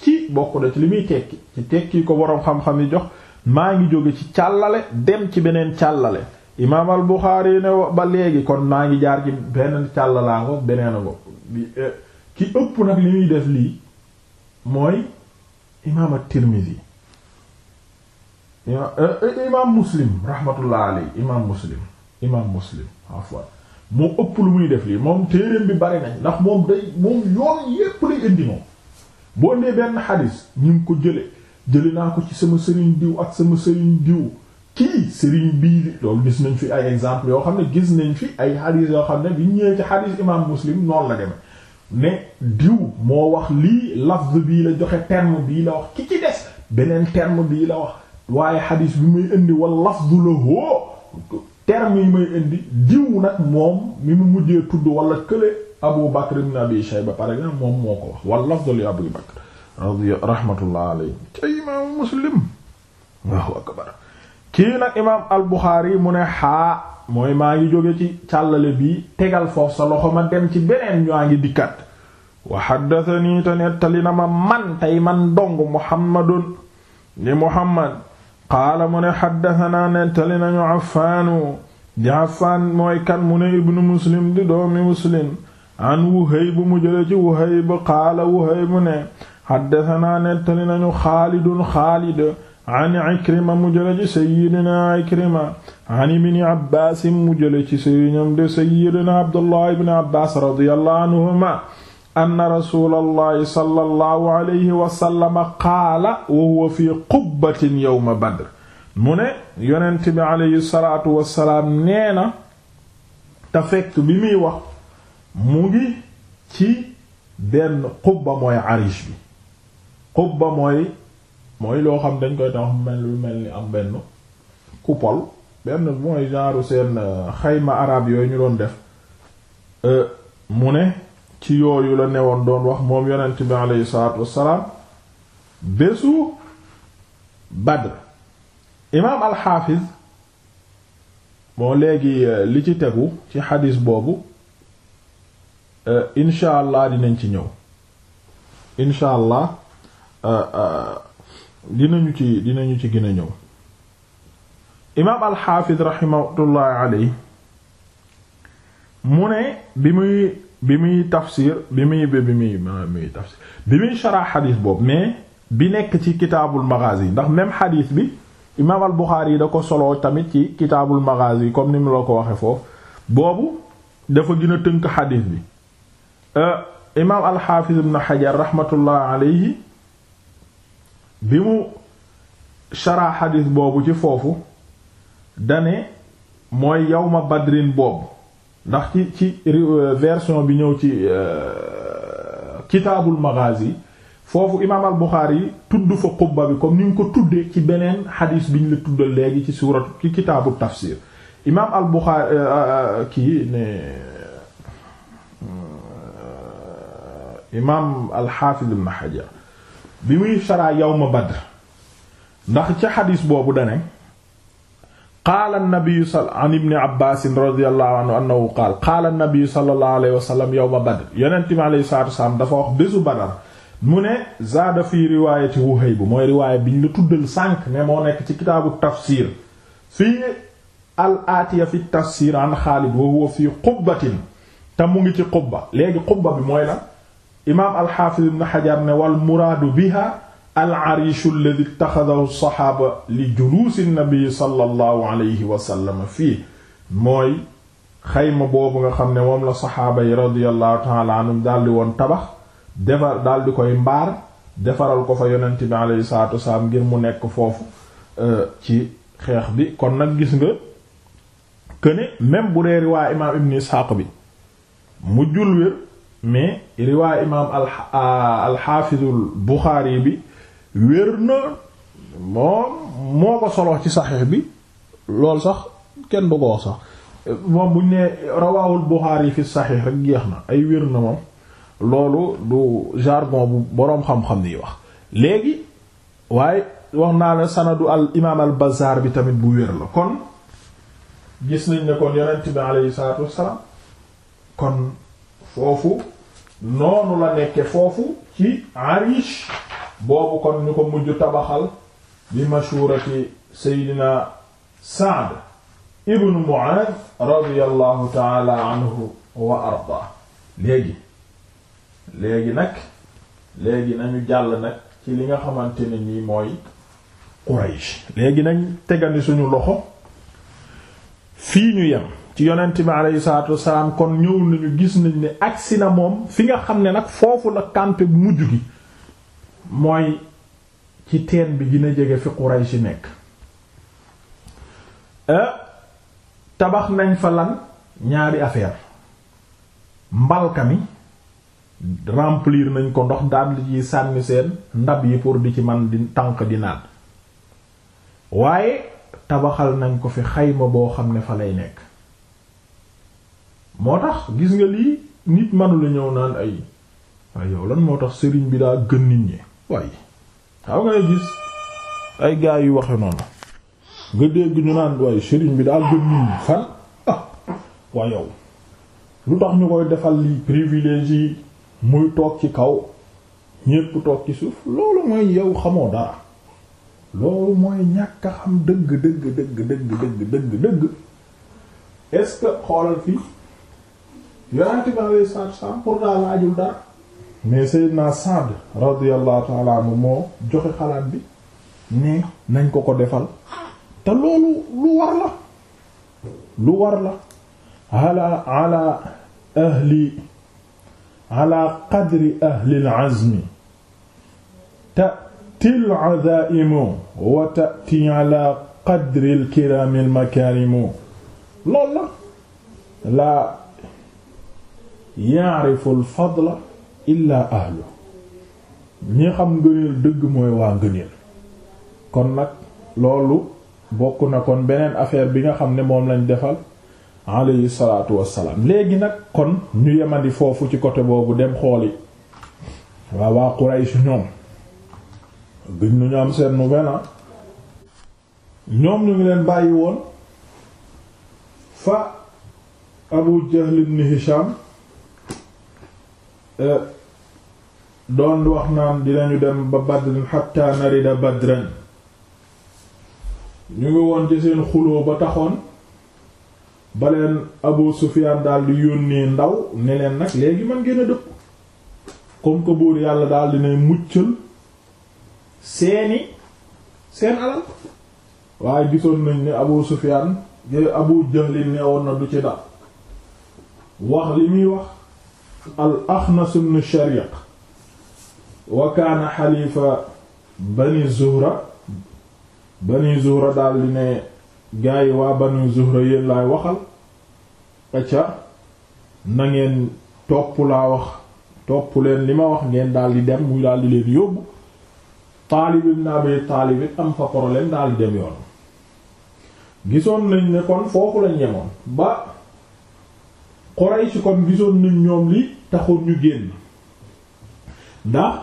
ci bokk da ci li muy tekki ci tekki ko woroom xam-xam yi jox maa ngi jóge ci càllale dem ci beneen càllale imaam al Buxaari ne ba léegi kon maa ngi jaar ci beneen càllalaa ko beneen ko ki ëpp nag li muy def lii mooy imaam at imaam eh, eh, eh, muslim rahmatullah alay imaam muslim imaam muslim afwan moo ëpp lu muy def lii moom téereem bi bari nañ ndax moom day moom yoon yépp lay indi moom boo nee benn xadis ñu ngi ko jële jële naa ko ci sama sëriñ diw ak sama sëriñ diw kii sëriñ bii loolu gis nañ fi ay exemple yoo xam ne gis nañ fi ay xadis yoo xam ne bi ñëwee ci xadis imaam muslim noonu la deme ne diw moo wax lii lafz bii la joxe terme bii la wax ki ci des beneen terme bii la wax waaye xadiis bi muy indi wal lafdu lahu terme yi may indi diw nag moom mi mu mujjee tudd wala kële Abu Bakr ibn Abi Shayba par exemple moom moo ko wax wal lafdu li Abu Bakr radi rahmatullah alayhi imaamu Muslim Allahu akbar kii nag imaam al Buxaari mu ne xaa mooy maa ngi jóge ci càllale bi tegal foofu sa loxo ma dem ci beneen ñaa ngi dikkat wa xaddatanii te nettali na ma man tey man dong Muhammadun ni Muhammad qaala mu ne xaddatanaa nettali nañu afaanu di afaan mooy kan mu ne ibnu muslim di doomi muslim an wuhayb mu jële ci wuhayb qaala wuhayb ne xaddatanaa nettali nañu xaalidun xaalid an ikrima mu jële ci sayidina ikrima an ibni abbaasin mu jële ci sëriñam de sayidina abdullah ibni abbaas radiyallahu anhuma anna rasulallahi sallallahu alayhi wa sallam qaala wa huwa fi qubbatin yawma badr mu ne yonent bi alayhi salaatu wassalaam nee na te fekk bi muy wax mu ngi ci benn qubba mooy arish bi qubba mooy mooy loo xam dañ koy tax mel lu mel ni am benn coupole benn mooy genre seen xayma araab yooyu ñu doon def euh, mu ne ci yooyu la newoon doon wax moom yonent bi aleyhi salaatu wassalaam bésu Badr imaam alxaafiz moo léegi euh, li ci tegu ci xadis boobu euh, incha allah dinañ ci ñëw incha allah euh, dinañu ci dinañu ci gën a ñëw imaam alxaafiz raximatullahi mu ne bi muy bi muy tafsir bi muy bi muy muy tafsir bi muy shara xadis boobu mais bi nekk ci kitaabul maghazi ndax même xadis bi imaam al Buxaari yi da ko soloo tamit ci kitaabul maghazi comme ni mu la ko waxe foofu boobu dafa gën a tënk xadis bi euh, imaam al xaafiz ibn Hajar rahmatullah alayhi bi mu shara xadis boobu ci foofu dane mooy ma badrin boobu ndax ci ci euh, version bi ñëw ci euh, kitaabul maghazi foofu imaam al yi tudd fa xubba bi comme ni ñu ko tuddee ci beneen xadiis bi ñu la tuddal léegi ci suuratu ci kitaabu tafsir imaam al Buxaari euh, kii ne imaam al bi muy saraa yawma Badr ndax ci xadiis boobu dane qaala nabiyu an ibni abbasin radiallahu anhu annahu qaal qaala nabiyu sallallahu alayhi wa sallam yowma badr yonent mi alayhi salaatu wasalaam dafa wax bésu badar mu ne zaada fi riwaayati wuhayb bu mooy riwaaya bi ñu la tuddal sànq ne moo nekk ci kitaabu tafsir fii al aatiya fi tafsir an xaalid wa huwa fii qubbatin te mu ngi ci qubba léegi qubba bi mooy la imaam alxaafiz ibn xajar ne wal muraadu biha al-ariishu alladhi ittaxadahu as-saxaaba li juluusi fii mooy xayma boobu nga xam ne moom la saxaaba yi radiyallahu ta'ala anhum daldi woon tabax defar daldi koy mbaar defaral ko fa yonent bi alayhi salaatu wasalaam ngir mu nekk foofu euh, ci xeex bi kon nag gis nga këne même bu dee riwaa imaam ibn Isxaaq bi mujjul wér mais riwaa imaam al euh, al xaafizul Buxaari bi wér na moom moo ko solo ci saxiix bi loolu sax kenn du ko wax sax moom buñ ne rawaawul Buxaari fi saxiix rek jeex na ay wér na moom loolu du jargon bu boroom xam-xam ni wax léegi waaye wax naa la sanadu al imaam al Bazzaar bi tamit bu wér la kon gis nañ ne kon yonent bi alayhi salaatu wassalaam kon foofu noonu la nekke foofu ci Arish boobu kon ñu ko mujj tabaxal bi mashurati seydina Saad ibnu Muaaz radiyallahu taala anhu wa arda léegi léegi nag léegi nañu jàll nag ci li nga xamante ne nii mooy Quraysh léegi nañ tegandi suñu loxo fii ñu yem ci yonent bi aleyhi salaatu wasalaam kon ñëw nañu gis nañ ne agsi na moom fi nga xam ne nag foofu la campé mujj gi mooy ci teen bi dina jege fi Quraysh nekk euh, tabax nañ fa lan ñaari affaire mbalka mi remplir nañ ko ndox daal li ci sànni seen ndab yi pour di ci man di tànk di naan waaye tabaxal nañ ko fi xayma boo xam ne fa lay nekk moo tax gis nga lii nit mënu ñëw naan ay yow lan moo tax sëriñ bi daa gën nit ñi waay xaw ngay gis ay gaa yu waxe noonu nga dégg ñu naan waaye sëriñ bi daal gën ñu fan ah yow lu tax ñu koy defal li privilège yi muy toog ci kaw ñépp toog ci suuf loolu mooy yow xamoo dara loolu mooy ñàkk xam dëgg dëgg dëgg dëgg dëgg dëgg dëgg est xoolal fii yonent bi alayhi salaatu wa salaam pour daa laajul dara mais Seydina Sa'd radiyallahu ta'ala anhu moo joxe xalaat bi ne nañ ko ko defal te loolu lu war la lu war la ala ala ahli ala qadri ahli al-azmi ta'ti al-'azaa'imu wa ta'ti ala qadri al-kiraami al-makaarimu loolu la laa ya'rifu al-fadla illa ahlu ñi xam ngëneel dëgg mooy waa ngëneel kon nag loolu bokk na kon beneen affaire bi nga xam ne moom lañ defal alayhi salaatu wassalaam léegi nag kon ñu yemandi foofu ci côté boobu dem xooli waa waa Quraysh ñoom gëj nañu am seen nouvelle ah. ñoom ñu ngi leen bàyyi woon fa Abu Jahl ibn Hisham eh, doon wax naan dinañu dem ba badrin xatta narida badran ñu ngi woon ci seen xuloo ba taxoon ba leen Abu Sufyaan daldi yónnee ndaw ne leen nag léegi man gën a dëpp comme buur yàlla daldi ne muccal seeni seen alal waaye gisoon nañ ni Abu Sufyaan Abu Jahl ne woon na du ci dal wax li muy wax al Axnas ibn Shariq wa kaana xalifa bani zuhra bani zuhra daal di ne gaa waa bani zuhra yéen laay waxal acca na ngeen topp laa wax topp leen li ma wax ngeen daal di dem muy daal leen yóbbu taalibim naa bay taalibim am fa problème daal di dem yoon gisoon nañ ne foofu lañ yemoon ba Quraysh kon gisoon nañ ñoom li taxoon ñu génn ndax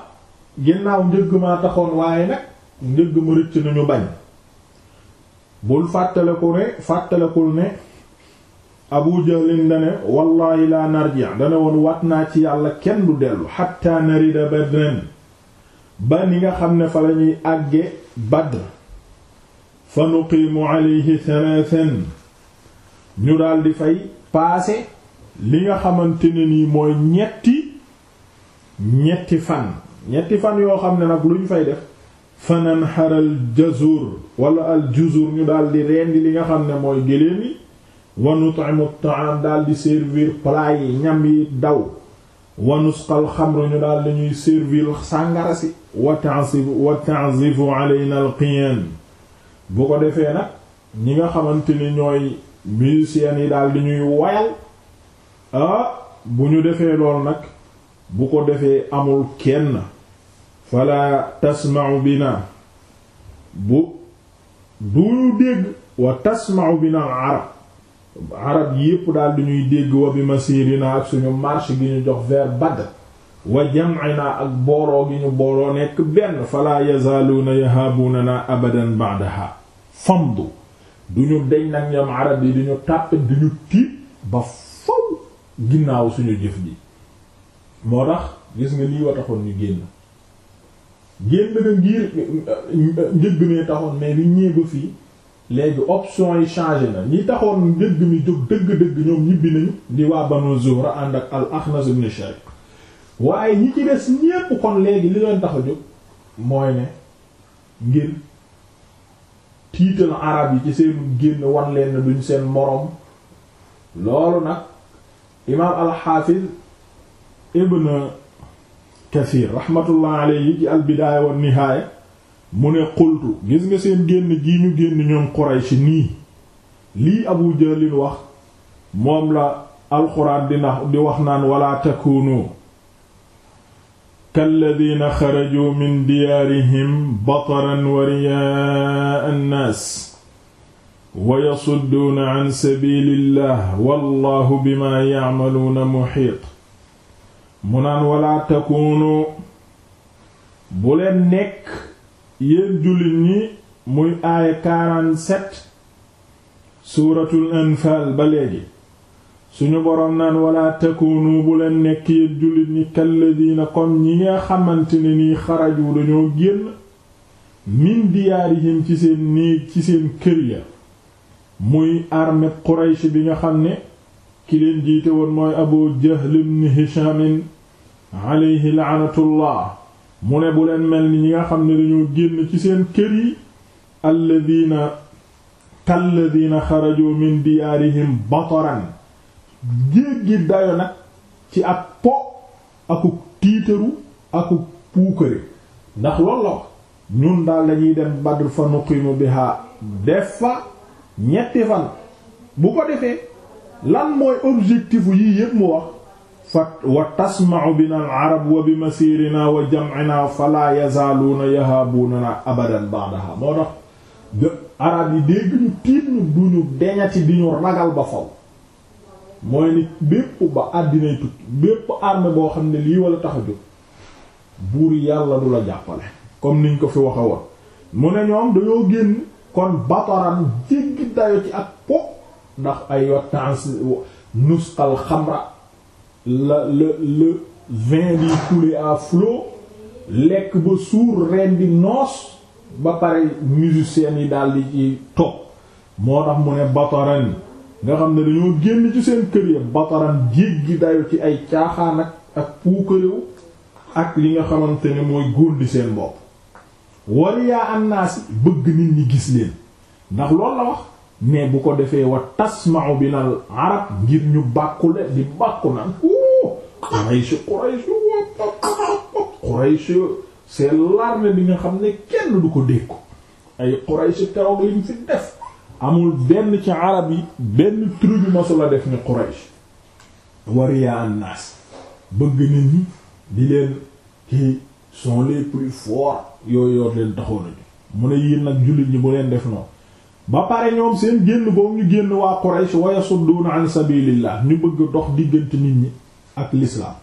ginnaaw njëgg maa taxoon waaye nag njëgg mu rëcc nañu bañ bul fàttaleku ne fàttalekul ne abu dane wallaahi laa narji' dane woon wat naa ci yàlla kenn du dellu xatta narida badran ba ni nga xam ne fa lañuy àgge badr fa nuqiimu alayhi thalathan ñu daldi fay paase li nga xamante ne nii mooy ñetti ñetti fan ñetti fan yoo xam ne nag lu ñu fay def fanan xaral jazur wala al juzur ñu daal di rendi li nga xam ne mooy géléem yi wa nut'imu ta'am daal di servir plat yi ñam yi daw wa nusqal xamr ñu daal di ñuy servir sàngara si wa ta'zifu wa ta'zifu alayna al qiyan bu ko defee nag ñi nga xamante ni ñooy musiciens yi daal di ñuy wayal ah bu ñu defee lool nag bu ko defee amul kenn fala tasma'u bina bu duñu dégg wa tasma'u bina arab arab yépp daal du ñuy dégg wa bi masirina ak suñu marche gi ñu jox vers Badr wa jam'ina ak booloo gi ñu booloo nekk benn fala yazaaluuna yahaabunana abadan ba'daha famdu duñu deñ nag ñoom arab yi duñu tàppe duñu tiit ba faw ginnaaw suñu jëf ji moo tax gis nga lii wa taxoon ñu génn génn nga ngir njëgg mee taxoon mais li ñëw ba fii léegi option yi changé na ñi taxoon njëgg mi jóg dëgg-dëgg ñoom ñibbi nañu di waa Banu Zuhra ànd ak al Axnas ibn Sharik waaye ñi ci des ñépp kon léegi li leen tax a jóg mooy ne ngir tiital arab yi ci seen génn wan leen ne duñ seen moroom loolu nag imaam al ibn kathir rahmatullah alayhi ci albidaaya wa nihaaya mu ne xultu gis nga seen génn gi ñu génn ñoom quraysh nii lii abu jahlin wax moom la alxuraan di na di wax naan wala takunu kalladina xaraju min diyaarihim bataran wa riyaa annaas wa yasudduuna an sabilillah wallahu bima ya'maluuna muhiit mu naan wala takuunu bu leen nekk yéen jullit ñi muy aaya 47 suuratul anfaal ba léegi suñu boroom naan wala takuunu bu leen nekk yéen jullit ñi kalladiina comme ñi nga xamante ne nii xaraju dañoo génn min diyaarihim ci seen néeg ci seen kër ya muy armée Quraysh bi nga xam ni ki leen jiite woon mooy abu jahl ibn hisham alayhi la'natullah mu ne leen mel ni ñi nga xam ne dañoo génn ci seen kër yi alladina kalladina xaraju min diyaarihim bataran jéggi dayo nag ci ak po akuk tiitaru akuk puukare ndax loolu ñun daal dañuy dem Badr fa nuqimu biha def fa ñetti fan bu ko defee lan mooy objectif yii yépp mu wax fa wa tasma'u bina al arab wa bi masirina wa jam'ina fala yazaaluuna yahaabunana abadan ba'daha moo tax arab yi dégg ñu tiit duñu deñati di ragal ba faw mooy ni bépp ba àddinay tukki bépp armée boo xam ne lii walla tax a jóg buur yàlla du la jàppale comme niñ ko fi waxe woon mu ne ñoom dañoo génn kon bataran jéggi dayo ci ak ndax ay waxtans nusqal xamra la le le vin di couler à flot lekk ba suur reen di noos ba pare musiciens yi daal di ci topp moo tax mu ne bataran nga xam ne dañoo génn ci seen kër ya bataran jéeg gi dayu ci ay caaxaan ak ak puukarew ak li nga xamante ne mooy góondi seen bopp wariyaa annaasi bëgg nit ñi gis leen ndax loolu la wax mais bu ko defee wa bi na arab ngir ñu bàkku le di bàkku naan o Quraysh Quraysh Quraysh c'est l'armée bi nga xam ne kenn du ko dékku ay Quraysh kaw liñ fi def amul benn ci arab yi benn tribu masula def ni Quraysh wariya an nas bëgg nit ñi di leen qui sont les plus forts yooyu yor leen taxoon a mu ne yéen nag jullit ñi bu leen def noonu ba pare ñoom seen génn boobu ñu génn waa Quraysh wa yasudduuna an sabilillah ñu bëgg dox diggante nit ñi ak l'islam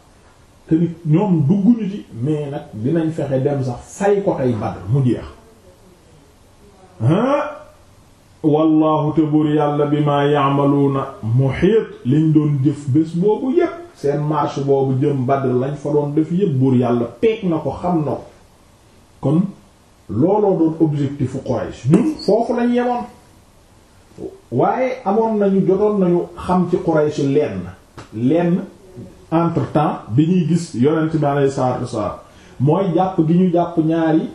te nit ñoom dugguñu ci mais nag dinañ fexe dem sax fay ko tey Badr mu jeex ah buur yàlla bi maa yaamaluuna muhiit liñ doon jëf bés boobu yépp seen marche boobu jëm Badr lañ fa doon def yépp buur yàlla peeg na ko xam na ko kon looloo doon objectifu Quraysh ñun foofu lañ yemoon waaye amoon nañu jotoon nañu xam ci Quraysh lenn lenn entre temps bi ñuy gis yonent bi alayhi salaatu wassalaam mooy jàpp gi ñu jàpp ñaari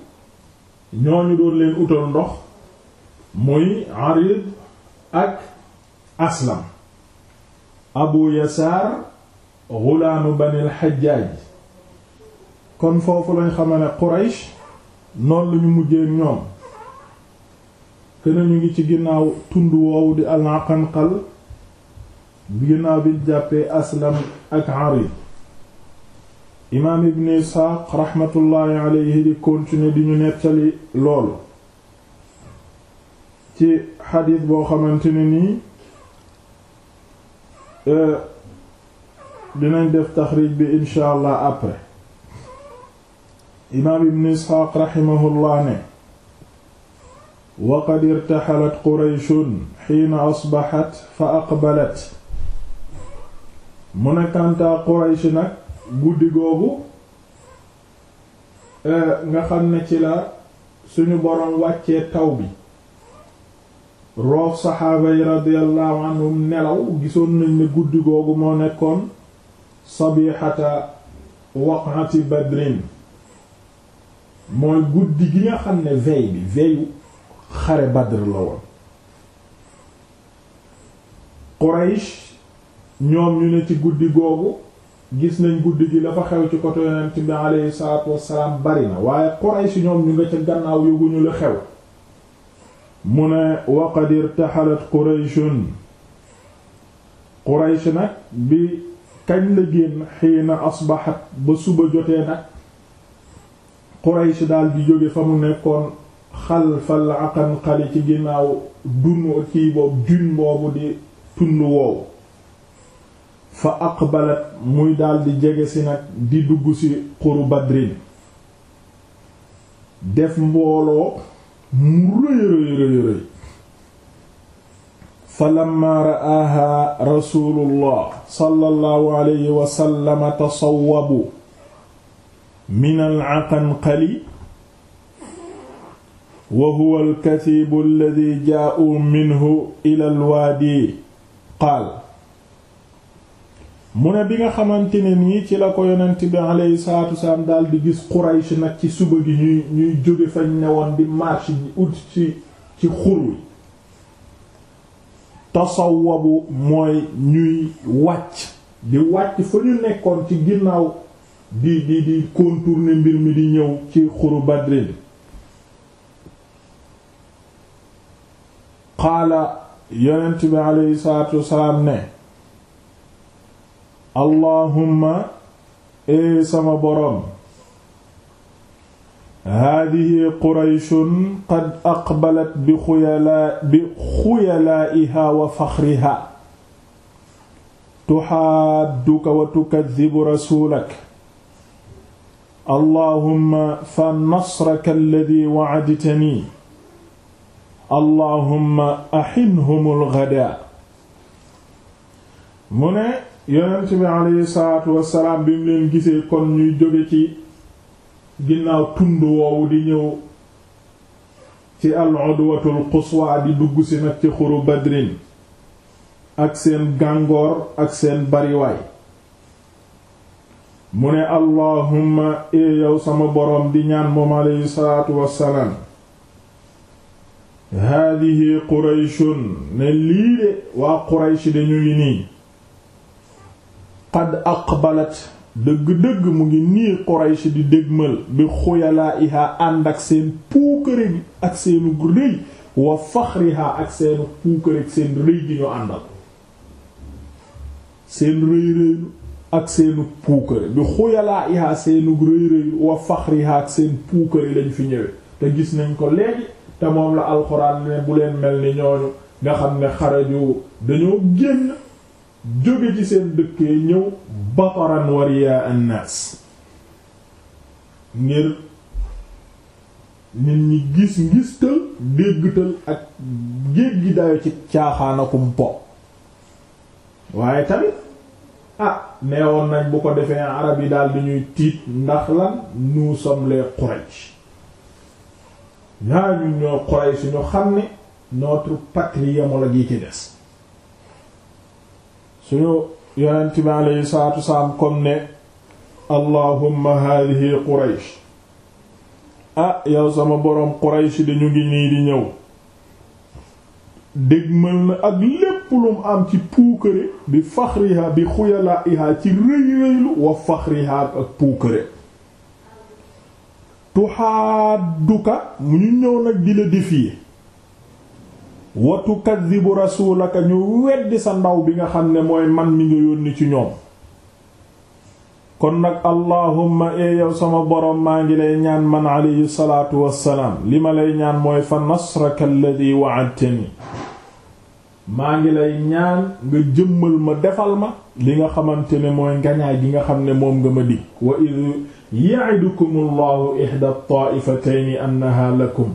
ñooñu doon leen utal ndox muy Arid ak Aslam Abu Yasaar xulaamu Banil Hajjaaj kon foofu lañ xamal ne Quraysh noonu lañu mujjee ñoom këna ñu ngi ci ginnaaw tund woowu di al-Aqanqal bi ginnaaw bi jàppee Aslam ak Arid imaam Ibn Isxaaq raxmatullaahi alayhi di continuer di ñu nettali loolu ci xadiis boo xamante ne nii euh, dinañ def taxriij bi incha allah après imaam ibn isxaaq raximahullah ne waqad irtaxalat qurayshun xiina asbaxat fa aqbalat mu ne kàntaa nag guddi googu eh, nga xam ne ci la suñu boroom wàccee taw bi roof saxaaba yi radiyallahu nelaw gisoon nañ ne guddi googu moo nekkoon sabixata waqati badrin mooy guddi gi nga xam ne veille bi veille xare Badr la woon Quraysh ñoom ñu ne ci guddi googu gis nañ guddi gi dafa xew ci côté yonent bi alayhi salaatu wassalaam bari na waaye Quraysh ñoom ñu nga ca gannaaw yóguñu la xew mu ne waqad irtaxalat Qurayshun Quraysh nag bi kañ la génn xiina asbaxat ba suba jotee nag Quraysh daal di jóge fa mu nekkoon xalfal aqanqali ci ginnaaw dun kii boobu di tund woowu fa aqbalat muy daal jege si nag di dugg ci xuru Badrin def mbooloo mu rëy rëy rëy fa lamma ra'aha rasulullah sallallahu alayhi wa sallam min al-aqanqali wa huwa al-kasiib alladhi jaa'u minhu ila al-waadi qaal mu ne bi nga xamante ne nii ci la ko yonent bi alayhi salaatu wasalaam daal di gis Quraysh nag ci suba gi ñuy ñuy jóge fañ ne woon di marche ji ut ci xur wi tasawwabu mooy ñuy wàcc di wàcc fa ñu nekkoon ci ginnaaw di di di contourner mbir mi di ñëw ci xuru badrin qaala yonent bi aleyhi salaatu wasalaam ne allahumma ee sama boroom haadihi qurayshun qad aqbalat bi xuyalaa bi xuyalaa'iha wa faxriha tuxaadduka wa tukaddibu rasuulak allahumma fa nasraka alladhi wa'adtani allahumma ahinhumul ghadaa mu ne yonent bi aleyhi salaatu wassalaam bi mu leen gisee kon ñuy jóge ci ginnaaw tund woowu di ñëw ci al-udwatul quswa di dugg si nag ci xuru badrin ak seen gàngoor ak seen bariwaay mu ne allahumma ee yow sama borom di ñaan moom aleyhi salaatu wassalaam haadihi qurayshun ne lii de waa quraysh de nii qad aqbalat dëgg-dëgg mu ngi nii quraysh di dégmal bi xuyalaa'iha ànd ak seen puukare ak seenu rëy wa faxriha ak seenu puukare seen rëy gi ñu àndal seen rëy rëylu ak seenu puukare bi xuyalaa ihaa seenu rëy rëy wa faxrihaa ak seen puukare lañ fi ñëwee te gis nañ ko léegi te moom la alxuraan ne bu leen mel ni ñooñu nga xam ne xaraju dañoo génn jóge ci seen dëkkee ñëw bataran wariyaa annaas ngir nit ñi gis ngistal déggtal ak géej gi dayo ci caaxaanakum po waaye tamit ah neewoon nañ bu ko defee arab yi daal di ñuy tiit ndax la nous sommes les Quraysh ñaa ñun ñoo Quraysh ñu xam ne notre patrie yamala gi ci des suñu yonent bi aleyhi salatu wasalaam comme ne allahumma hadhihi Quraysh ah yow sama boroom Quraysh dañu ngi nii di ñëw dégmal na ak lépp lu mu am ci puukare bi faxriha bi xuyalaa iha ci rëy rëylu wa faxriha ak puukare tuxaaduka mu ñu ñëw nag di la défier wa tukadibu rasulaka ñu weddi sa ndaw bi nga xam ne mooy man mi nga yónni ci ñoom kon nag allahumma e sama boroom maa ngi lay ñaan man alayhi salaatu wassalaam li ma lay ñaan mooy fa nasraka alladhi wa'adtani maa ngi lay ñaan nga jëmmal ma defal ma li nga xamante ne mooy ngañaay gi nga xam ne moom nga ma di wa id ya'idukum allahu ihda ta'ifatayni annaha lakum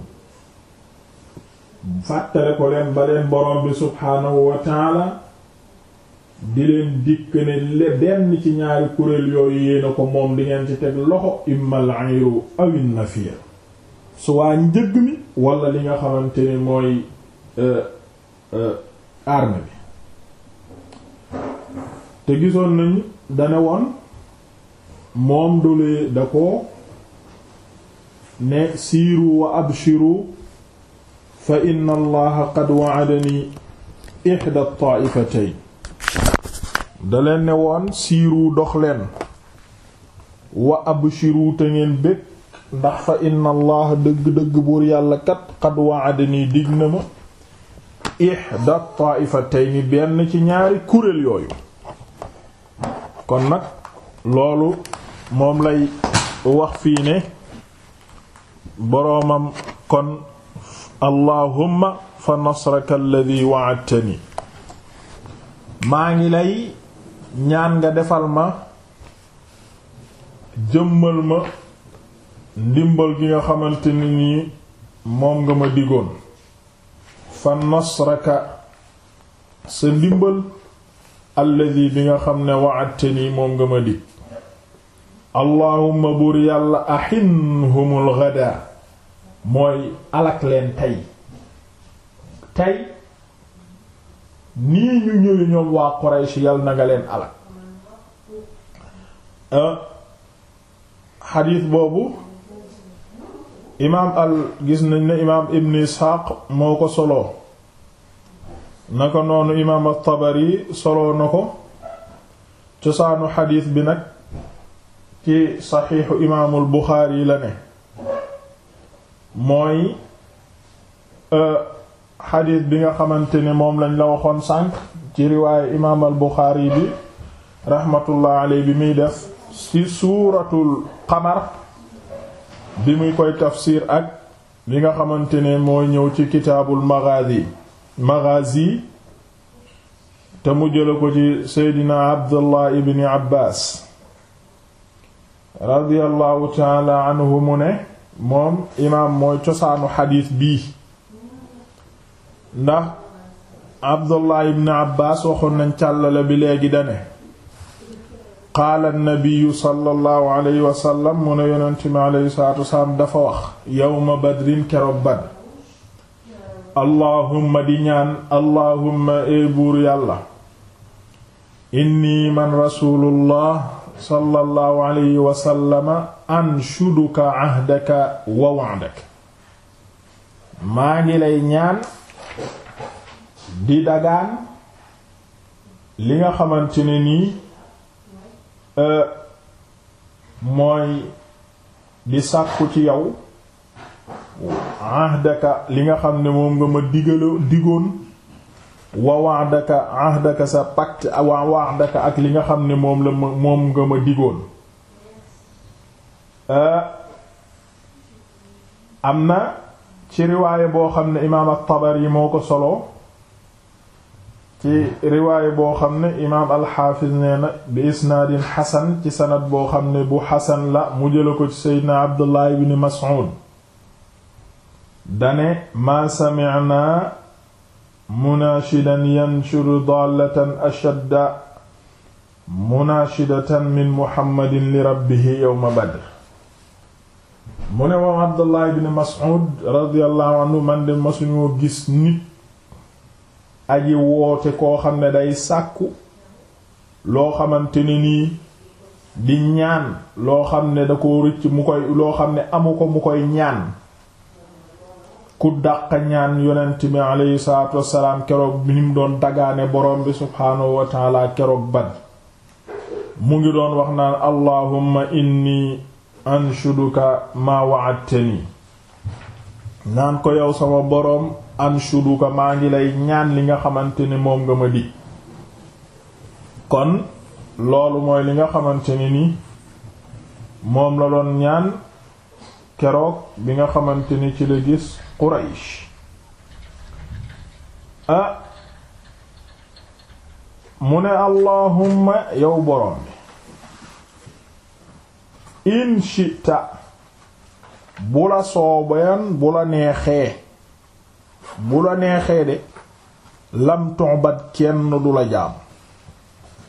fàttale ko leen ba leen borom bi subhaanahu wa di leen dikk ne le benn ci ñaari kuréel yooyu yéena ko moom di ngeen ci teg loxo immal ayru awin nafir su waa njëgg mi wala li nga xamante ne mooy euh, euh, armée bi te gisoon nañu dane woon moom dole da ko ne siiru wa abshiru fa inna allaha qad wa'adani ihda taa'ifatayn da ne woon siiru dox leen wa abshiru te ngeen bég ndax fa inna allaha dëgg-dëgg buur yàlla kat qad wa'adani dig na ma ihda taaifatayni benn ci ñaari kuréel yooyu kon nag loolu moom lay wax fii ne boroomam kon allahumma fa nasraka alladhi wa'adtani maa ngi lay ñaan nga defal ma jëmmal ma ndimbal gi nga xamante nii moom nga ma digoon fa nasraka sa ndimbal alladi bi nga xam ne wa'adta nii moom nga ma dig allahumma buur yàlla ahinhumul ghadaa mooy alak leen tey tey nii ñu ñëwe ñoom waa Quraysh yàlla na nga leen alak ah, xadiis boobu imaam al gis nañ ne imaam ibn isxaaq moo ko soloo na ko noonu imaam at-Tabari soloo na ko cosaanu xadiis bi nag ci saxiixu imaamul Buxaari la ne mooy e, xadiis bi nga xamante ne moom lañ la waxoon sànq ci riwaaye imaam al Buxaari bi raxmatullah aley bi muy def ci suuratul qamar bi muy koy tafsir ak li nga xamante ne mooy ñëw ci kitaabul maghazi maghazi te mu jële ko ci seydina abdullah ibni abbas radiyallahu taala anhu mu ne moom imaam mooy cosaanu xadiis bii ndax abdullah ibni abbas waxoon nañ càllale bi léegi dane qaala nabiyu sallallahu alayhi wa sallam mu ne mi alayhi salaatu wasalaam dafa wax yawma badrin keroog Badr allahumma di ñaan allahumma ee buur yàlla inni man rasulullah sallallahu alayhi wa sallama anshuduka ahdaka wa wa'daka maa ngi lay ñaan di dagaan li nga xamante nii Euh, mooy di sàkku ci yow ahdaka li nga xam ne moom nga ma digala digoon wa wa'daka ahdaka sa pacte wa wa'daka ak li nga xam ne moom la ma moom nga ma digoon euh, am na ci riwaaye boo xam ne imaam at-Tabari moo ko solo ci riwaaya boo xam ne imaam alxaafiz nee na bi isnaadin xasan ci sanad boo xam ne bu xasan la mu jëla ko ci seydna abdullah ibn mas'ud dane maa sami'naa munaashidan yanshuru dallatan ashadda munaashidatan min muhammadin li rabbihi badr mu ne moom abdullah ibn mas'ud radiyallahu anhu man de masuñoo gis nit aji woote koo xam ne day sàkku loo xamante ni nii di ñaan loo xam ne da ko rëcc mu koy loo xam ne amu ko mu koy ñaan ku dàq ñaan yonent bi aleyhi salaatu wassalaam keroog bi mu doon dagaane borom bi subhaanahu keroog ban mu ngi doon wax naan allahumma inni anshuduka ma wa'adtani naan ko yow sama boroom anshuduka maa ngi lay ñaan li nga xamante ne moom nga ma dig kon loolu mooy li nga xamante ne ni moom la doon ñaan keroog bi nga xamante ni ci la gis Quraysh a ah, mu ne allahumma yow borom bi in shita bu la sooboon bu la neexee bu la neexee de lam tu'bad kenn du la jaamu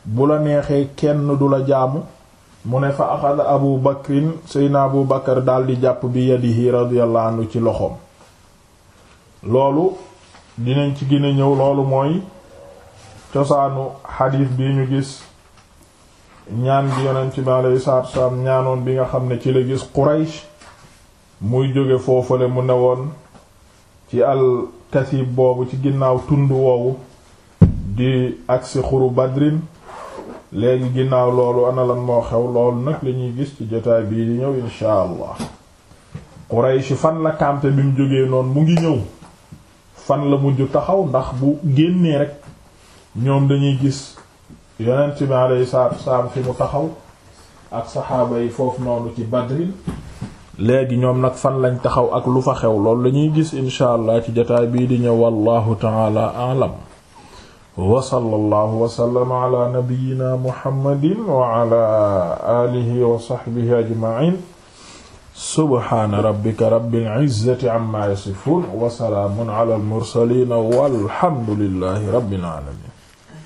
bu la neexee kenn du la jaamu mu ne fa axada abu bakrin seyna abu bakar daldi jàpp bi yadihi radiyallahu anhu ci loxoom loolu dinañ ci gën a ñëw loolu mooy cosaanu xadiis bi ñu gis ñaan gi yonent bi alayhi salaatu ñaanoon bi nga xam ne ci la gis Quraysh muy jóge foofale mu ne woon ci al boobu ci ginnaaw tund woowu di agsi xuru badrin léegi ginnaaw loolu ana moo xew loolu nag lañuy gis ci jotaay bii di ñëw insha allah Quraysh fan la campé bi mu jógee noonu mu ngi ñëw fan la mujj taxaw ndax bu génnee rek ñoom dañuy gis yonent bi alayhi salaatu wa fi mu taxaw ak saxaaba yi foofu noonu ci badrin léegi ñoom nag fan lañ taxaw ak lu fa xew loolu la ñuy gis incha allah ci jotaay bii di ñëw wallahu taala aalam wa sallallahu wa sallama ala nabiyyina muhammadin wa ala alihi wa sahbihi ajma'in subhana rabbika rabbil izzati amma yasifun wa salaamun ala al mursalin walhamdulillahi rabbil alamin